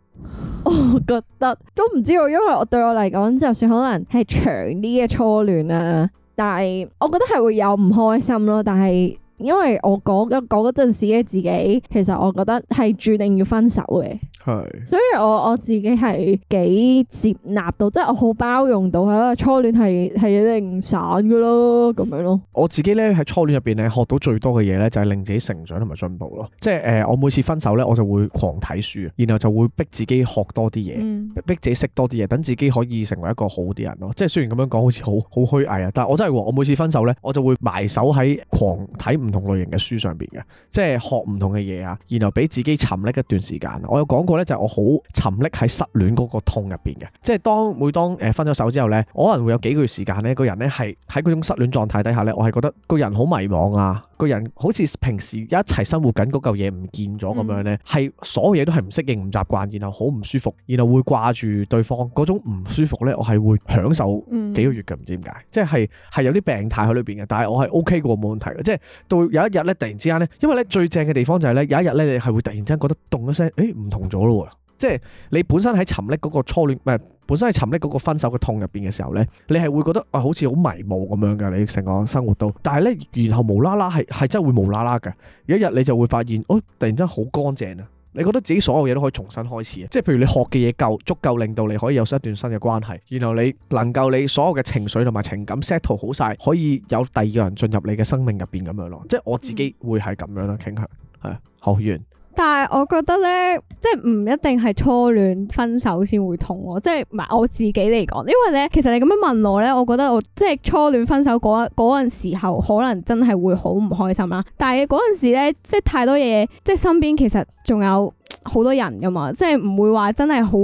我覺得都唔知道，因為我對我嚟講，就算可能係長啲嘅初戀啊，但係我覺得係會有唔開心咯。但係因為我講嗰陣時嘅自己，其實我覺得係注定要分手嘅。係，所以我我自己係幾接納到，即係我好包容到，係啊，初戀係係一定散噶咯咁樣咯。我自己咧喺初戀入邊咧學到最多嘅嘢咧就係令自己成長同埋進步咯。即係誒、呃，我每次分手咧我就會狂睇書，然後就會逼自己學多啲嘢，嗯、逼自己識多啲嘢，等自己可以成為一個好啲人咯。即係雖然咁樣講好似好好虛偽啊，但係我真係我每次分手咧我就會埋首喺狂睇唔同類型嘅書上邊嘅，即係學唔同嘅嘢啊，然後俾自己沉溺一段時間。我有講過。就係我好沉溺喺失戀嗰個痛入邊嘅，即係當每當誒分咗手之後呢，我可能會有幾個月時間呢，個人呢係喺嗰種失戀狀態底下呢，我係覺得個人好迷茫啊。個人好似平時一齊生活緊嗰嚿嘢唔見咗咁樣呢，係、嗯、所有嘢都係唔適應、唔習慣，然後好唔舒服，然後會掛住對方嗰種唔舒服呢。我係會享受幾個月嘅，唔知點解，即係係有啲病態喺裏邊嘅，但係我係 O K 嘅，冇問題，即係到有一日呢，突然之間呢，因為呢最正嘅地方就係、是、呢，有一日呢，你係會突然之間覺得咚一聲，誒、欸、唔同咗咯，即係你本身喺沉溺嗰個初戀本身係沉溺嗰個分手嘅痛入邊嘅時候呢，你係會覺得啊，好似好迷惘咁樣嘅，你成個生活都。但係呢，然後無啦啦係係真係會無啦啦嘅。有一日你就會發現，哦，突然之間好乾淨啊！你覺得自己所有嘢都可以重新開始啊！即係譬如你學嘅嘢夠，足夠令到你可以有一段新嘅關係。然後你能夠你所有嘅情緒同埋情感 settle 好晒，可以有第二個人進入你嘅生命入邊咁樣咯。即係我自己會係咁樣咯，傾向係學完。但係我覺得咧，即係唔一定係初戀分手先會痛咯。即係唔係我自己嚟講，因為咧，其實你咁樣問我咧，我覺得我即係初戀分手嗰嗰陣時候，可能真係會好唔開心啦。但係嗰陣時咧，即係太多嘢，即係身邊其實仲有好多人噶嘛，即係唔會話真係好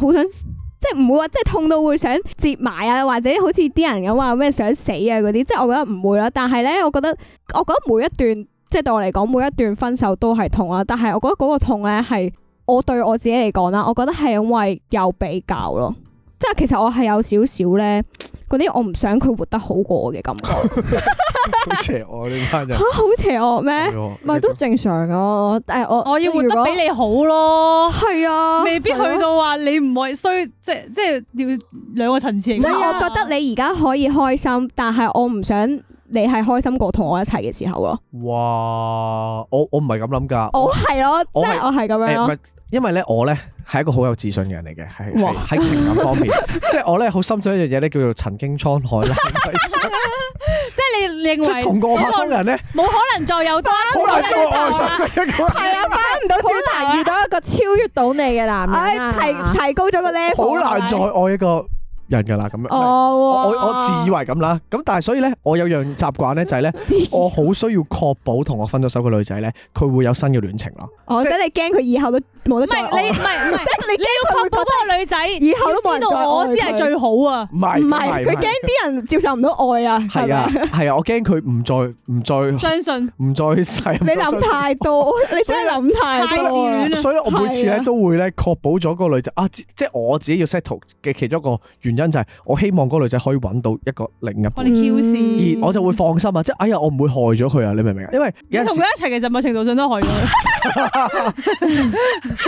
好想，即係唔會話即係痛到會想折埋啊，或者好似啲人咁話咩想死啊嗰啲，即係我覺得唔會啦。但係咧，我覺得我覺得，我覺得每一段。即係對我嚟講，每一段分手都係痛啦。但係我覺得嗰個痛咧，係我對我自己嚟講啦，我覺得係因為有比較咯。即係其實我係有少少咧，嗰啲我唔想佢活得好過我嘅感覺、啊。好邪惡呢班人吓，好邪惡咩？唔係都正常咯、啊。誒、啊，我我要活得比你好咯。係啊，未必去到話你唔係衰，即係即係要兩個層次、啊。即係我覺得你而家可以開心，但係我唔想。你係開心過同我一齊嘅時候咯？哇！我我唔係咁諗噶，我係咯，即係我係咁樣唔係，因為咧，我咧係一個好有自信嘅人嚟嘅，係喺情感方面，即係我咧好欣賞一樣嘢咧，叫做曾經滄海啦。即係你認為同個普通人咧，冇可能再有。好難再愛上一個。係啊，翻唔到好難，遇到一個超越到你嘅男人，提提高咗個 level，好難再愛一個。噶啦咁，我我自以為咁啦，咁但係所以咧，我有樣習慣咧就係咧，我好需要確保同我分咗手個女仔咧，佢會有新嘅戀情咯。我覺得你驚佢以後都冇得？唔唔係，唔係，即係你要確保嗰個女仔以後都知道我先係最好啊！唔係，唔係，佢驚啲人接受唔到愛啊！係啊，係啊，我驚佢唔再唔再相信，唔再你諗太多，你真係諗太多自戀。所以我每次咧都會咧確保咗個女仔啊，即係我自己要 s e t 嘅其中一個原因。就係我希望嗰女仔可以揾到一個另一半，而我就會放心啊！即係哎呀，我唔會害咗佢啊！你明唔明啊？因為你同佢一齊，其實某程度上都害咗佢，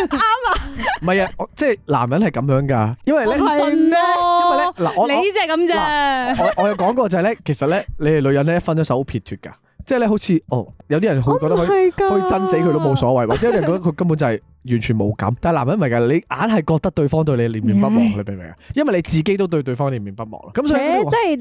啱啊！唔係啊，即係男人係咁樣噶，因為咧，因為咧嗱，我你呢隻咁啫，我我有講過就係咧，其實咧，你哋女人咧分咗手好撇脱噶，即係咧好似哦，有啲人會覺得佢可以憎死佢都冇所謂，或者有人覺得佢根本就係。完全冇感，但係男人唔係㗎，你硬係覺得對方對你念念不忘，你 Yeah. 明唔明啊？因為你自己都對對方念念不忘咁且所以，哇即係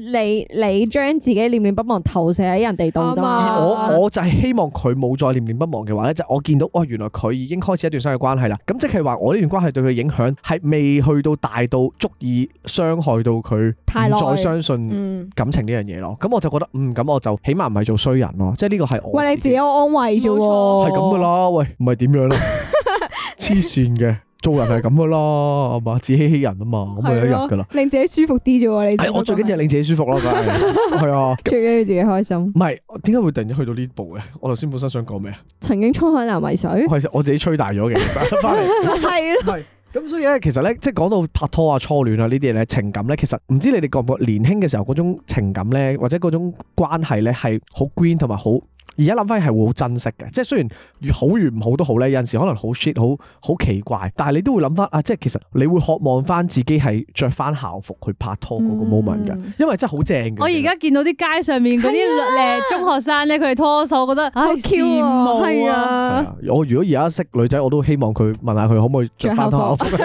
你你將自己念念不忘投射喺人哋度啫嘛。我我就係希望佢冇再念念不忘嘅話咧，就是、我見到哦，原來佢已經開始一段新嘅關係啦。咁即係話我呢段關係對佢影響係未去到大到足以傷害到佢唔再相信感情呢樣嘢咯。咁、嗯、我就覺得嗯咁，我就起碼唔係做衰人咯。即係呢個係我喂，你自己安慰做錯係咁㗎啦。喂，唔係點樣咧？ 黐線嘅，做人係咁噶啦，係嘛？ 自欺欺人啊嘛，咁咪一日噶啦，令自己舒服啲啫喎，你係、哎、我最緊要令自己舒服啦，梗係係啊， 最緊要自己開心。唔係點解會突然之間去到呢步嘅？我頭先本身想講咩啊？曾經滄海難為水，我係我自己吹大咗嘅，其實翻嚟係咯，係咁，所以咧，其實咧，即係講到拍拖啊、初戀啊呢啲嘢咧，情感咧，其實唔知你哋覺唔覺年輕嘅時候嗰種情感咧，或者嗰種關係咧，係好 green 同埋好。而家諗翻係會好珍惜嘅，即係雖然越好越唔好都好咧，有陣時可能好 shit 好好奇怪，但係你都會諗翻啊，即係其實你會渴望翻自己係着翻校服去拍拖嗰個 moment 嘅，嗯、因為真係好正嘅。我而家見到啲街上面嗰啲咧中學生咧，佢哋、啊、拖手，我覺得好羨慕啊。啊，我如果而家識女仔，我都希望佢問下佢可唔可以着翻校服。就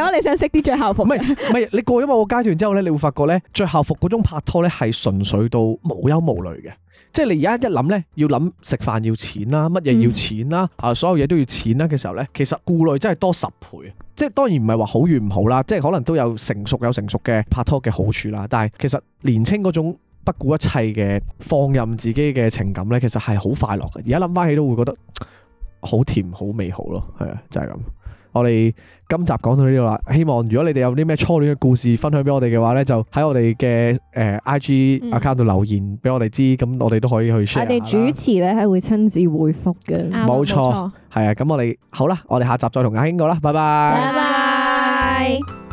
講你想識啲着校服。唔係唔係，你過咗某個階段之後咧，你會發覺咧着校服嗰種拍拖咧係純粹到無憂無慮嘅。即係你而家一諗呢，要諗食飯要錢啦，乜嘢要錢啦，啊，嗯、所有嘢都要錢啦嘅時候呢，其實顧慮真係多十倍。即係當然唔係話好與唔好啦，即係可能都有成熟有成熟嘅拍拖嘅好處啦。但係其實年輕嗰種不顧一切嘅放任自己嘅情感呢，其實係好快樂嘅。而家諗翻起都會覺得好甜好美好咯，係啊，就係、是、咁。我哋今集講到呢度啦，希望如果你哋有啲咩初戀嘅故事分享俾我哋嘅話呢，就喺我哋嘅誒 I G account 度留言俾我哋知，咁我哋都可以去 share。我哋主持呢係會親自回覆嘅，冇錯了，係啊錯，咁我哋好啦，我哋下集再同阿興講啦，拜拜，拜拜。拜拜。